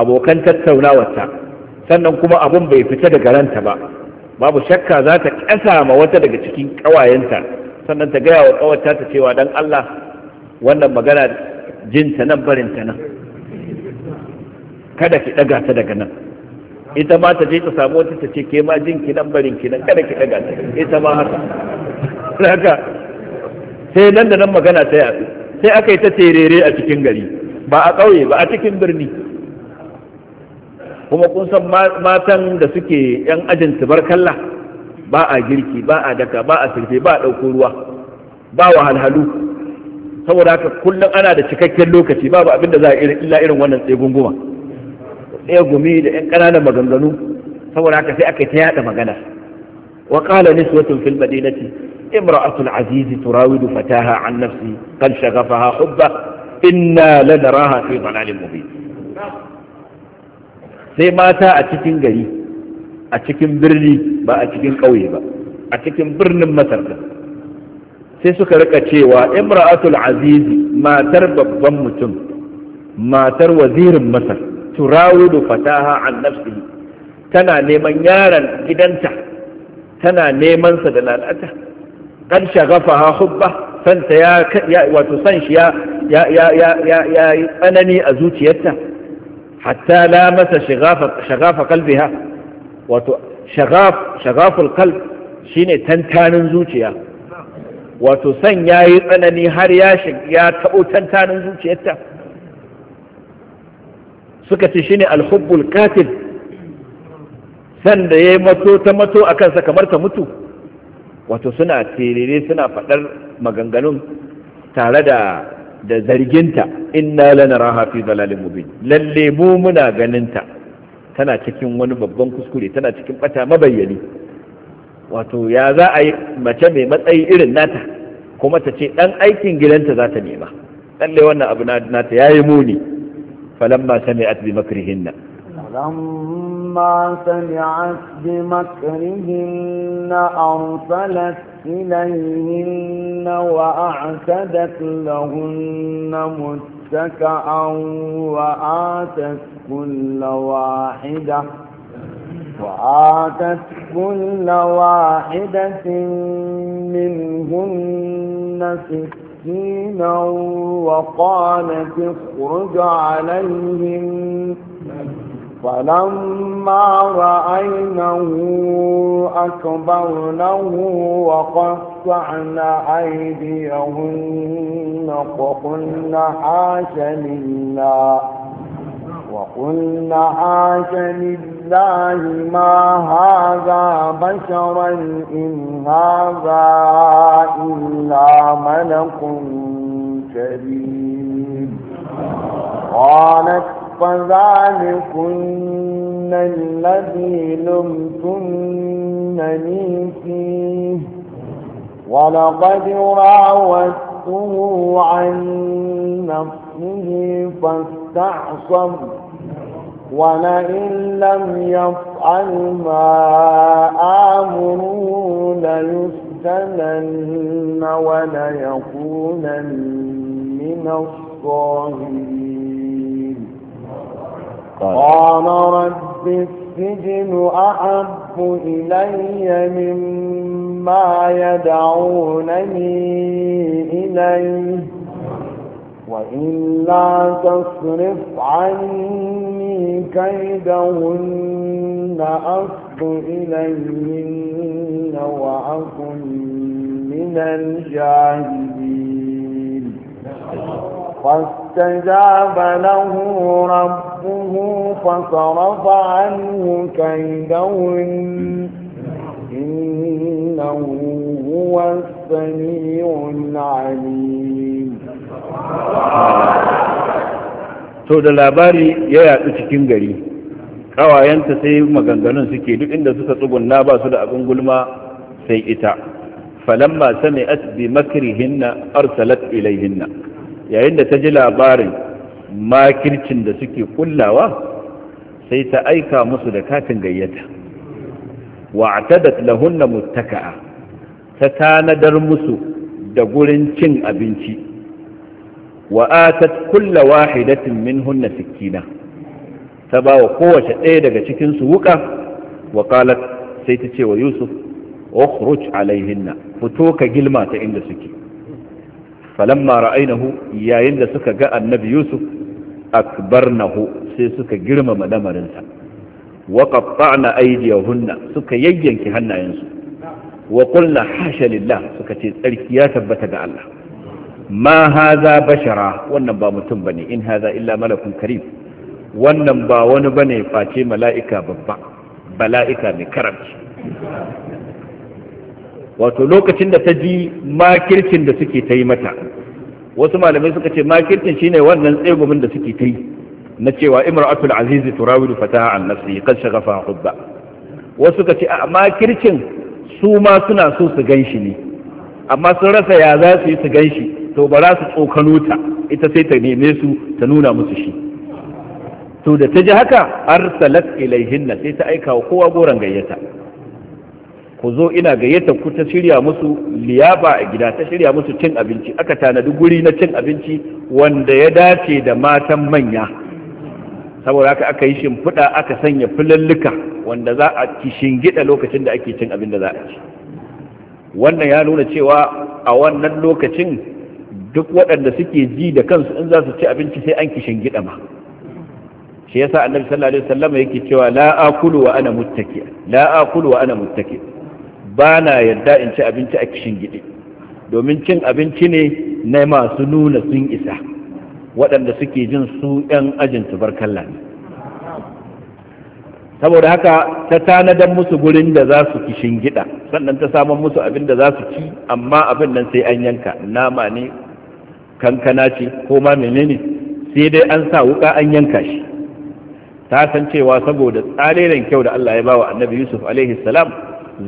abokan tattaunawarta sannan kuma abun bai fita daga ranta ba babu shakka za ta ƙasa ma wata daga cikin ƙawayenta sannan ta gaya wa ƙawarta ta cewa dan Allah wannan magana jinta nan barinta nan kada ki daga ta daga nan ita ma ta je ta samu wata ta ce ke ma jin ki nan barin ki nan kada ki daga ta ita ma haka (laughs) haka sai nan da nan magana ta yaɗu sai aka yi ta terere a cikin gari ba a ƙauye ba a cikin birni kuma kun san matan da suke yan ajin tubarkalla ba a girki ba a daka ba a sirfe ba a ɗauko ruwa ba wahalhalu saboda haka kullum ana da cikakken lokaci ba abin da za a illa irin wannan tsegunguma ɗaya gumi da ƴan ƙananan maganganu saboda haka sai aka yi ta yaɗa magana wa qala niswatun fil madinati imra'atul aziz turawidu fataha an nafsi qad shaghafaha hubba inna lanaraha fi dhalalin mubin sai mata a cikin gari a cikin birni ba a cikin ƙauye ba a cikin birnin masar da sai suka rika cewa imra'atul azizi matar babban mutum matar wazirin masar تراود فتاها عن نفسه تنا نيمان يارا جدنتا تنا نيمان سدلالاتا قد شغفها حبة فانت يا ك... يا وتسنش يا يا يا يا يا, يا, يا انني ازوت يتا حتى لامس شغاف شغاف قلبها وت... شغاف شغاف القلب شيني تنتانن يا وتسن يا انني هر يا شغ يا تو تنتانن زوتيتا suka ce shine alhubbul katil san da yayi mato ta mato akan sa kamar ta mutu wato suna tirire suna faɗar maganganun tare da da zarginta inna raha fi dalalin mubin lalle mu muna ganinta tana cikin wani babban kuskure tana cikin bata mabayyani wato ya za a yi mace mai matsayi irin nata kuma ta ce dan aikin gidanta za ta nema lalle wannan abu nata yayi muni فلما سمعت بمكرهن فلما سمعت بمكرهن أرسلت إليهن وأعتدت لهن متكأ وآتت كل واحدة وآتت كل واحدة منهن سكرا مسكينا وقالت اخرج عليهم فلما رأينه أكبرنه وقطعن أيديهن وقلن حاش لله وقلنا عاش لله ما هذا بشرا إن هذا إلا ملك كريم قالت فذلكن الذي لمتنني فيه ولقد راودته عن نفسه فاستعصم ولئن لم يفعل ما آمروا ليسجنن وليكونن من الصاغرين قال رب السجن أحب إلي مما يدعونني إليه وإلا تصرف عني كيدهن أصب إليهن وأكن من الجاهلين فاستجاب له ربه فصرف عنه كيدهن إنه هو السميع العليم to da labari ya yadu cikin gari ƙawayenta sai maganganun suke duk inda suka tsugunna ba su da abin gulma sai ita falamma sami'at bi makrihinna arsalat ilayhinna yayin da ta ji labarin makircin da suke kullawa sai ta aika musu da katin gayyata wa'tadat lahunna muttaka'a ta tanadar musu da gurin cin abinci wa'atat atat kulla wahidatin minhunna sikina ta ba wa kowace ɗaya daga cikin su wuka wa qalat sai ta ce wa yusuf ukhruj alaihinna fito ka gilma ta inda suke falamma ra'ainahu yayin da suka ga annabi yusuf akbarnahu sai suka girmama lamarinsa wa qatta'na aydiyahunna suka yayyanki hannayensu wa qulna hasha lillah suka ce tsarki ya tabbata ga Allah ma haza bashara wannan ba mutum bane in haza illa malakun karim wannan ba wani bane face mala'ika babba bala'ika mai karamci wato lokacin da ta ji makircin da suke ta yi mata wasu malamai suka ce makircin shine wannan tsegumin da suke ta yi na cewa imra'atul azizi turawidu fataha an nafsi kan shagafa hubba wasu suka ce a makircin su ma suna so su gan shi ne amma sun rasa ya za su yi su gan shi to ba za su tsokano ta ita sai ta neme su ta nuna musu shi to da ta ji haka arsalat ilaihinna sai ta aika wa kowa goran gayyata ku zo ina gayyata ku ta shirya musu liyaba a gida ta shirya musu cin abinci aka tanadi guri na cin abinci wanda ya dace da matan manya saboda haka aka yi shimfiɗa aka sanya filallika wanda za a gida lokacin da ake cin abin da za a ci wannan ya nuna cewa a wannan lokacin duk waɗanda suke ji da kansu in za su ci abinci sai an kishin gida ma shi yasa annabi sallallahu alaihi wasallam yake cewa la akulu wa ana muttaki la akulu wa ana muttaki ba na yadda in ci abinci a kishin gidi domin cin abinci ne na masu nuna sun isa waɗanda suke jin su ɗan ajin su tubarkalla ne saboda haka ta tanadan musu gurin da za su kishin gida sannan ta samun musu abin da za su ci amma abin nan sai an yanka nama ne kankana ce ko ma menene sai dai an sa wuka an yanka shi ta san cewa saboda tsarerin kyau da Allah ya bawa annabi Yusuf alaihi salam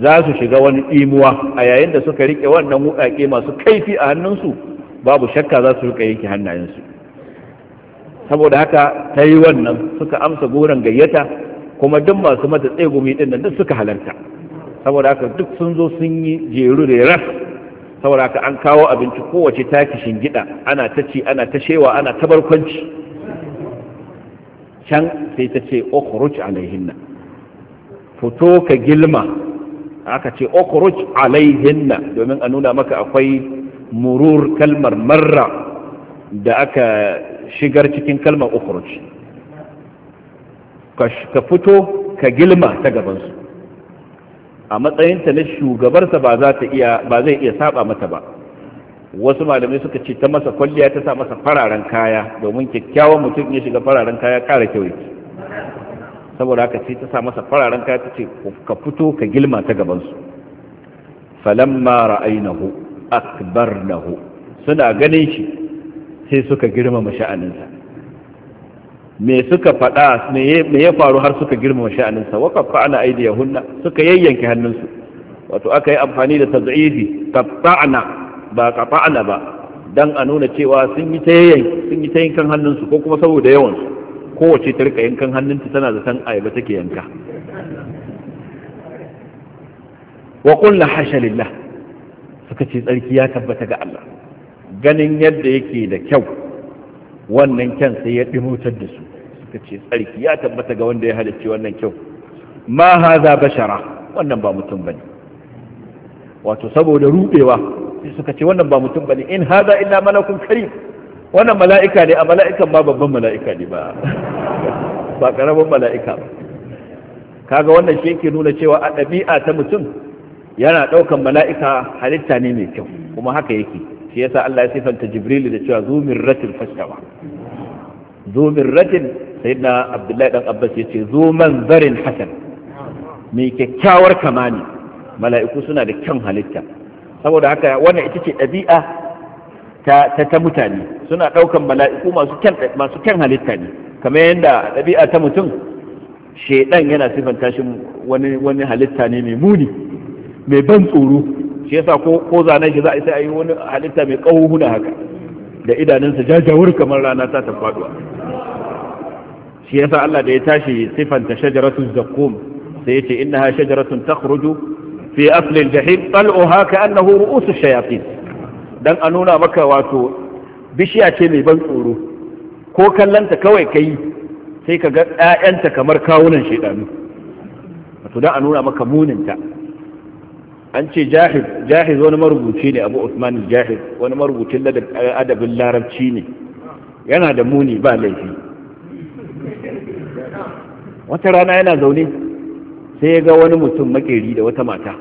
za su shiga wani imuwa a yayin da suka rike wannan wukake masu kaifi a hannunsu babu shakka za su rika yanke hannayensu saboda haka ta yi wannan suka amsa goron gayyata kuma duk masu mata tsegumi din nan duk suka halarta saboda haka duk sun zo sun yi jeru da ras saboda ka an kawo abinci kowace takishin shingida ana ta ci ana ta shewa ana ta barkwanci can sai ta ce ukhruj alaihinna fito ka gilma aka ce ukhruj alaihinna domin a nuna maka akwai murur kalmar marra da aka shigar cikin kalmar ukhruj ka fito ka gilma ta gabansu a matsayinta na shugabarsa ba za ta iya ba zai iya saba mata ba wasu malamai suka ce ta masa kwalliya ta sa masa fararen kaya domin kyakkyawan mutum ya shiga fararen kaya kara kyau saboda haka ce ta sa masa fararen kaya ta ce ka fito ka gilma ta gabansu falamma ra'ainahu akbarnahu suna ganin shi sai suka girmama sha'aninsa me suka faɗa me ya faru har suka girmama sha'aninsa wa qatta'na aydiyahunna suka yayyanke hannunsu wato aka yi amfani da taz'ifi qatta'na ba qata'na ba dan a nuna cewa sun yi ta yayyan sun yi ta yankan hannunsu ko kuma saboda yawan su kowace ta rika yankan hannunta tana zaton ayaba take yanka wa qulna hasha lillah suka ce tsarki ya tabbata ga Allah ganin yadda yake da kyau wannan kyan sai ya dimutar da su suka ce tsarki ya tabbata ga wanda ya halicci wannan kyau ma haza bashara wannan ba mutum ba ne. wato saboda ruɗewa, sai suka ce wannan ba mutum ba ne. in haza ina malakun karim wannan mala'ika ne a mala'ikan ba babban mala'ika ne ba (laughs) ba karamin mala'ika ba kaga wannan shi yake nuna cewa a ɗabi'a ta mutum yana ɗaukan mala'ika halitta ne mai kyau kuma haka yake shi yasa Allah ya sifanta Jibril da cewa zu mirratin fastawa ratin, mirratin sayyidina Abdullahi dan Abbas yace zu zarin hasan mai kyakkyawar kamani mala'iku suna da kyan halitta saboda haka wannan ita ce ɗabi'a ta ta, ta mutane suna ɗaukan mala'iku masu kyan masu kyan halitta ne kamar yadda ɗabi'a ta mutum shedan yana sifanta shi wani wani halitta ne mai muni mai ban tsoro shi yasa ko ko zanen shi za a sai a yi wani halitta mai kauhuna haka da idanunsa jajawur kamar rana ta tafaduwa shi yasa Allah da ya tashi sifanta shajaratu zakkum sai ya ce innaha shajaratun takhruju fi asli al-jahim tal'uha ka'annahu ru'usu shayatin dan a nuna maka wato bishiya ce mai ban tsoro ko kallanta kawai kai sai ka ga ƴaƴanta kamar kawunan shedanu wato dan a nuna maka muninta an ce jahid jahid wani marubuci ne abu usman jahid wani marubucin adabin larabci ne yana da muni ba laifi wata rana yana zaune sai ya ga wani mutum makeri da wata mata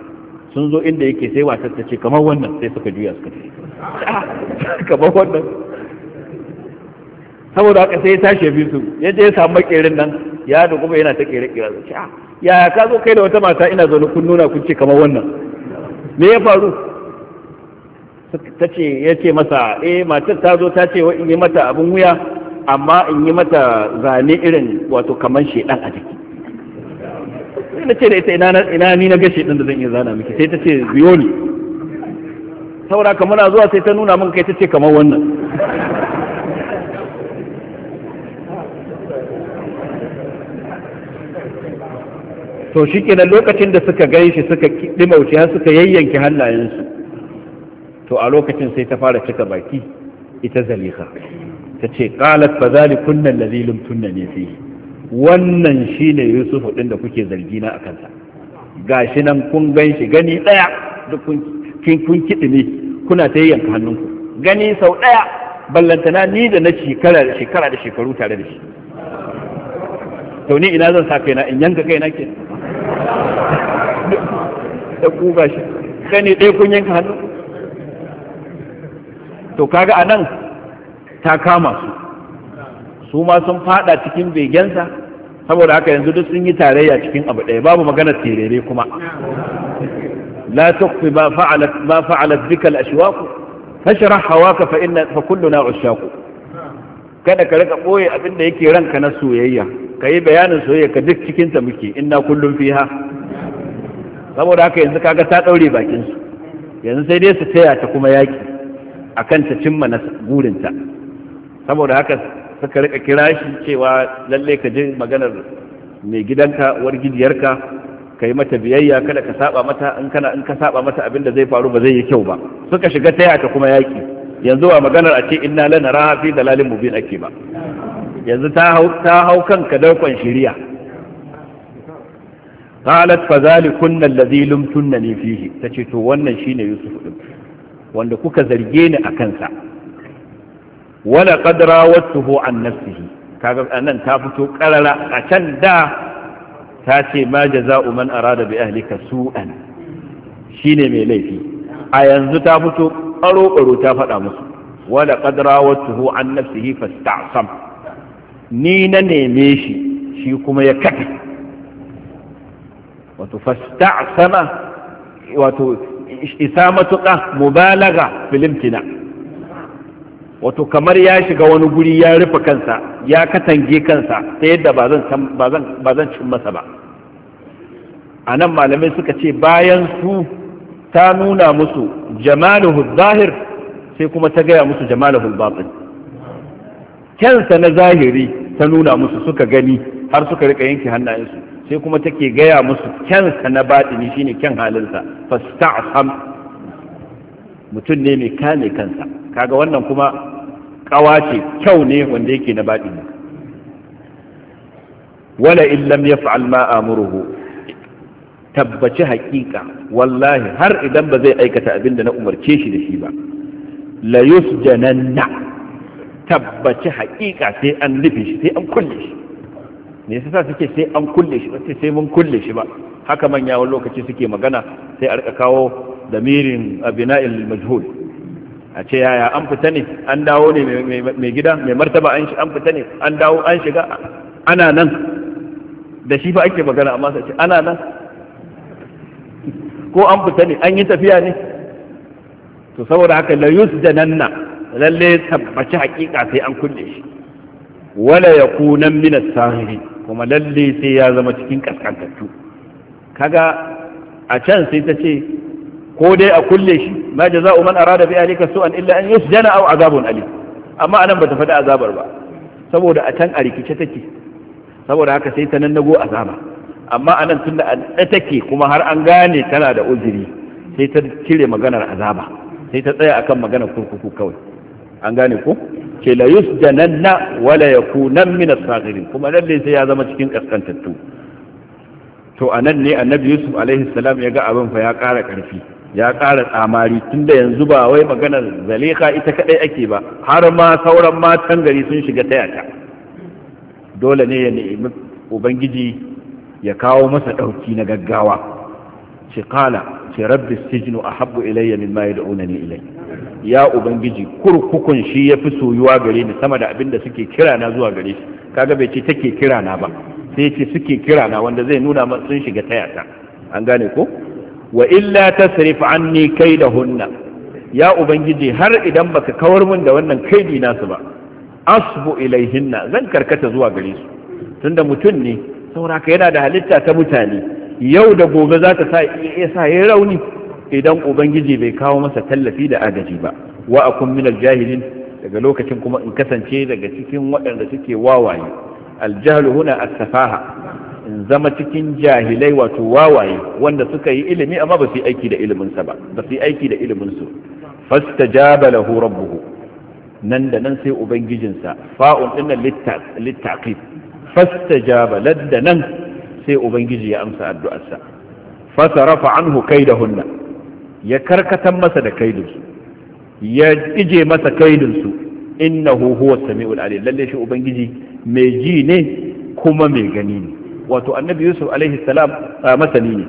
sun zo inda yake sai wasan ta ce kamar wannan sai suka juya suka ce (laughs) kamar wannan saboda haka sai ya tashi ya bi su yadda ya samu makerin nan ya da kuma yana ta kere kira ya ah, ka zo kai da wata mata ina zaune kun nuna kun ce kamar wannan me ya faru ta ce ya ce masa eh matar ta zo ta ce wa in yi mata abin wuya amma in yi mata zane irin wato kamar shedan a jiki sai na ce da ita ina ni na ga shedan da zan iya zana miki sai ta ce biyo ni saboda kamar zuwa sai ta nuna min kai ta ce kamar wannan to shi kenan lokacin da suka gan shi suka ɗimauce har suka yayyanki hannayensu to a lokacin sai ta fara cika baki ita zalika ta ce ƙalat ni kunnan nan lazilin tunna ne fi wannan shi ne yusuf ɗin da kuke zargina a kansa Ga shi nan kun gan shi gani ɗaya duk kun kiɗi kuna ta yanka hannunku gani sau ɗaya ballantana ni da na shekara da shekaru tare da shi to ni ina zan sa kaina in yanka kaina kenan da kuga shi sai ne ɗaya kun yanka hannu to kaga a nan ta kama su su ma sun fada cikin begensa saboda haka yanzu duk sun yi tarayya cikin abu ɗaya babu magana tirere kuma la tuqfi ma fa'alat ma fa'alat bika al-ashwaq fashrah hawaka fa inna fa kulluna ushaq kada ka rika boye abinda yake ranka na soyayya ka yi bayanin soyayya ka duk cikinta muke inna kullum fiha saboda haka yanzu kaga ta daure bakin su yanzu sai dai su taya ta kuma yaki akan ta cimma na ta. saboda haka suka rika kira shi cewa lalle ka je maganar mai gidanka war gidiyarka ka yi mata biyayya kada ka saba mata in kana in ka saba mata abin da zai faru ba zai yi kyau ba suka shiga taya ta kuma yaki yanzu ba maganar a ce inna lana rafi dalalin mubin ake ba yanzu ta hau kanka daukon shiriya qalat fa zalikun allazi lumtunni fihi tace to wannan shine yusuf din wanda kuka zarge ni akan sa wala qad rawatuhu an nafsihi kaga anan ta fito karara a can da ta ce ma jaza'u man arada bi ahlika su'an shine mai laifi a yanzu ta fito karo karo ta faɗa musu wala qad rawatuhu an nafsihi fasta'sam ni na neme shi shi kuma ya kafe wato fasta'sama wato isa matuƙa mubalaga filimtina wato kamar ya shiga wani guri ya rufe kansa ya katange kansa ta yadda ba zan cin masa ba a nan malamai suka ce bayan su ta nuna musu jamaluhu zahir sai kuma ta gaya musu jamaluhu batin kyansa na zahiri ta nuna musu suka gani har suka rika yanke hannayensu sai kuma take gaya musu kyansa na batini shine kyan halinsa fasta'sam mutum ne mai kame kansa kaga wannan kuma kawa ce kyau ne wanda yake na batini wala in lam yaf'al ma amuruhu tabbaci hakika wallahi har idan ba zai aikata abin da na umarce shi da shi ba la yusjananna tabbaci haƙiƙa sai an lufe shi sai an kulle shi me yasa suke sai an kulle shi ba sai mun kulle shi ba haka manya wani lokaci suke magana sai a rika kawo damirin abina'il majhul a ce yaya an fita ne an dawo ne mai gida mai martaba an fita ne an dawo an shiga ana nan da shi ba ake magana amma sai ana nan ko an fita ne an yi tafiya ne to saboda haka la yusjananna lalle tabbaci hakika sai an kulle shi wala ya kunan as-sahiri kuma lalle sai ya zama cikin kaskantattu kaga a can sai ta ce ko dai a kulle shi ma jaza'u man arada bi alika su'an illa an yusjana aw azabun ali amma anan bata faɗi azabar ba saboda a can a rikice take saboda haka sai ta nannago azaba amma anan tunda a take kuma har an gane tana da uzuri sai ta cire maganar azaba sai ta tsaya akan maganar kurkuku kawai an gane ko ke la yusjananna wala yakunan min as sagirin kuma lalle sai ya zama cikin kaskantattu to anan ne annabi yusuf alaihi salam ya ga abin fa ya ƙara ƙarfi ya ƙara tsamari tunda yanzu ba wai maganar zalika ita kadai ake ba har ma sauran matan gari sun shiga tayata dole ne ya nemi ubangiji ya kawo masa ɗauki na gaggawa shi kala shi rabbi sijinu ahabbu ilayya mimma yad'unani ilayhi ya ubangiji kurkukun shi ya fi soyuwa gare ni sama da abin da suke kira na zuwa gare shi kaga bai ce take kira na ba sai ce suke kira na wanda zai nuna ma sun shiga tayata an gane ko wa illa tasrif anni hunna. ya ubangiji har idan baka kawar mun da wannan kaidi nasu ba asbu ilaihinna zan karkata zuwa gare su tunda mutum ne sauraka yana da halitta ta mutane yau da gobe za ta sa ya rauni idan ubangiji bai kawo masa tallafi da agaji ba wa akun min aljahilin daga lokacin kuma in kasance daga cikin waɗanda suke wawaye aljahlu huna as-safaha in zama cikin jahilai wato wawaye wanda suka yi ilimi amma ba su yi aiki da ilimin sa ba ba su yi aiki da ilimin su fastajaba lahu rabbuhu nan da nan sai ubangijinsa fa'un dinnan littaqib fastajaba ladda nan sai ubangiji ya amsa addu'arsa fasarafa anhu kaidahunna ya karkatar masa da kaidinsu ya ije masa kaidinsu innahu huwa sami'ul alim lalle shi ubangiji mai ji ne kuma mai gani ne wato annabi yusuf alaihi salam masani ne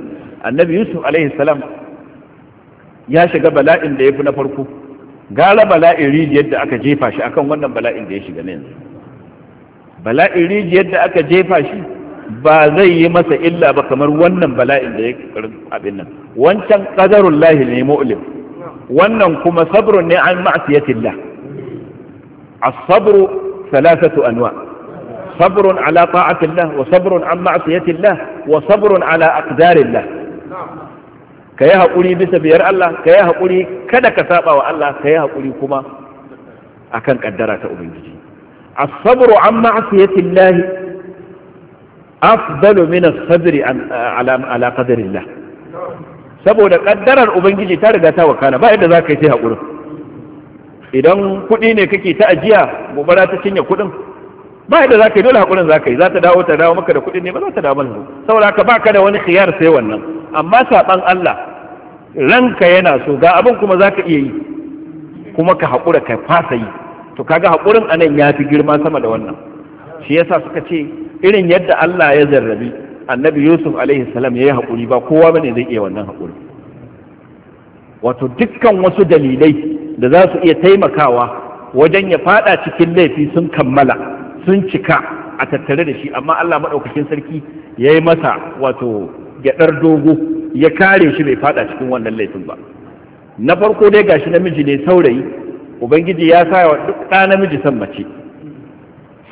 annabi yusuf alaihi salam ya shiga bala'in da ya fi na farko gara bala'in rijiyar da aka jefa shi akan wannan bala'in da ya shiga na yanzu bala'in rijiyar da aka jefa shi ba zai yi masa illa ba kamar wannan bala'in da ya abin nan wancan qadarul lahi ne mu'lim wannan kuma sabrun ne an ma'siyatillah A sabru salasatu anwa sabrun ala ta'atillah wa sabrun an ma'siyatillah wa sabrun ala aqdarillah ka yi haƙuri bisa biyar Allah ka yi haƙuri kada ka saba wa Allah ka yi haƙuri kuma akan ƙaddara ta Ubangiji A sabru an ma'siyati Allah afdalu min sabri ala ala qadarillah saboda kaddarar ubangiji ta riga ta wakana ba yadda za ka yi sai haƙurin idan kuɗi ne kake ta ajiya gobara ta cinye kuɗin ba yadda za ka yi dole haƙurin za ka yi za ta dawo ta dawo maka da kuɗin ne ba za ta dawo mana saboda ka baka da wani khiyar sai wannan amma saban Allah ranka yana so ga abin kuma za ka iya yi kuma ka haƙura ka fasa yi to kaga haƙurin anan ya fi girma sama da wannan shi yasa suka ce irin yadda Allah ya zarrabi annabi yusuf alaihi salam ya yi haƙuri ba kowa bane zai iya wannan haƙuri wato dukkan wasu dalilai da za su iya taimakawa wajen ya fada cikin laifi sun kammala sun cika a tattare da shi amma allah maɗaukakin sarki ya yi masa wato gyaɗar dogo ya kare shi bai fada cikin wannan laifin ba na farko dai gashi namiji ne saurayi ubangiji ya sa wa duk ɗa namiji san mace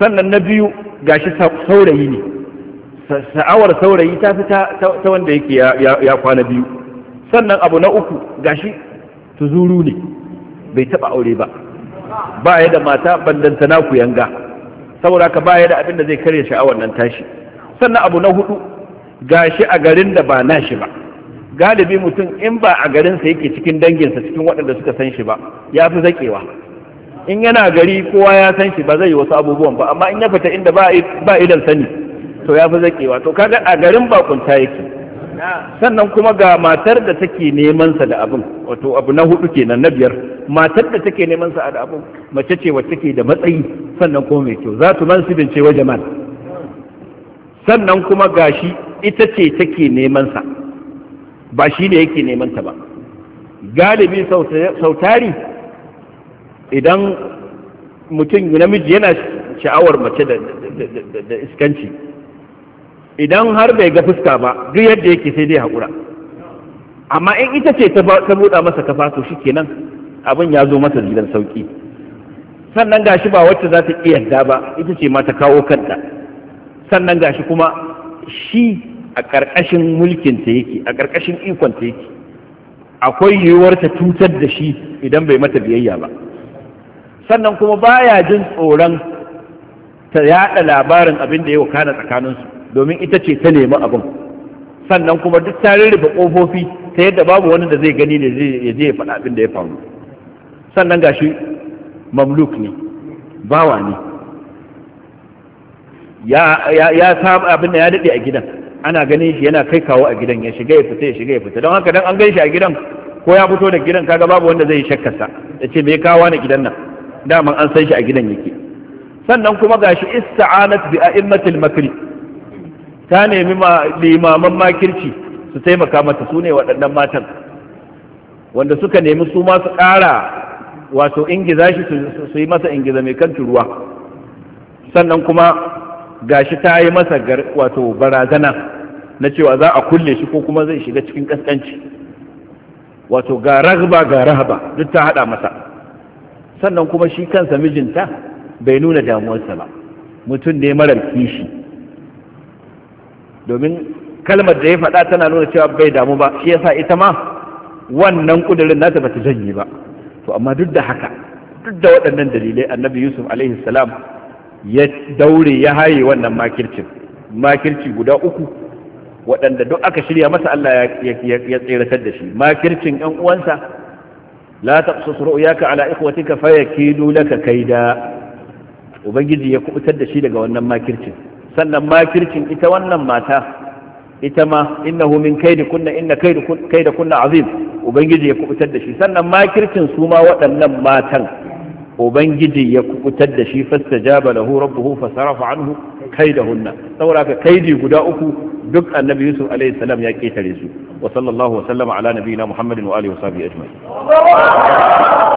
sannan na biyu gashi saurayi ne sha'awar saurayi ta fi ta wanda yake ya kwana biyu sannan abu na uku gashi tuzuru ne bai taba aure ba ba ya da mata bandanta na yanga saboda ka ba ya da abin da zai karya sha'awar nan tashi sannan abu na hudu gashi a garin da ba nashi ba galibi mutum in ba a garinsa yake cikin danginsa cikin waɗanda suka san shi ba ya fi zaƙewa in yana gari kowa ya san shi ba zai yi wasu abubuwan ba amma in ya fita inda ba idan sani to ya fi zakewa to kaga a garin bakunta yake sannan kuma ga matar da take neman sa da abin wato abu na hudu kenan na biyar matar da take neman sa da abin mace ce wacce take da matsayi sannan kuma mai kyau za tu mansibin ce wa jamal sannan kuma gashi ita ce take neman sa ba shi ne yake neman ta ba galibi sautari idan mutum namiji yana sha'awar mace da iskanci idan har bai ga fuska ba duk yadda yake sai dai haƙura amma in ita ce ta buɗa masa kafa to shikenan abin ya zo masa gidan sauki sannan gashi ba wacce za ta iya yarda ba ita ce ma ta kawo kanta sannan gashi kuma shi a ƙarƙashin ta yake a ƙarƙashin ta yake akwai yiwuwar ta cutar da shi idan bai mata biyayya ba sannan kuma baya jin tsoron ta yaɗa labarin abin da ya wakana tsakaninsu domin ita ce ta nemi abin sannan kuma duk ta rurrufe kofofi ta yadda babu wani da zai gani da zai je ya faɗa abin da ya faru sannan gashi mamluk ne bawa ne ya saba abin da ya daɗe a gidan ana ganin shi yana kai kawo a gidan ya shiga ya fita ya shiga ya fita don haka dan an gan shi a gidan ko ya fito da gidan kaga babu wanda zai shakkarsa ya ce me kawo na gidan nan daman an san shi a gidan yake sannan kuma gashi ista'anat bi a'immatil makri ta nemi limaman makirci su taimaka mata su ne waɗannan matan wanda suka nemi su ma su ƙara wato ingiza shi su yi masa ingiza mai kan turuwa sannan kuma gashi ta yi masa wato barazana na cewa za a kulle shi ko kuma zai shiga cikin ƙasƙanci wato ga ragba ga rahaba duk ta haɗa masa sannan kuma shi kansa mijinta bai nuna damuwarsa ba mutum ne marar kishi domin kalmar da ya faɗa tana nuna cewa bai damu ba shi yasa ita ma wannan kudurin nata bata janye ba to amma duk da haka duk da waɗannan dalilai annabi yusuf alaihi salam ya daure ya haye wannan makircin makirci guda uku waɗanda duk aka shirya masa Allah ya tseratar da shi makircin ƴan uwansa la taqsus ru'yaka ala ikhwatika fayakidu laka kaida ubangiji ya kubutar da shi daga wannan makircin sannan makircin ita wannan mata ita ma innahu min kaidi kunna inna kaida kunna azim ubangiji ya kubutar da shi sannan makircin su ma waɗannan matan ubangiji ya kubutar da shi fastajaba lahu rabbuhu fasarafa anhu kaidahunna saboda ka kaidi guda uku duk annabi yusuf alaihi salam ya ketare su wa sallallahu wa sallama ala nabiyina muhammadin wa alihi wa sahbihi ajma'in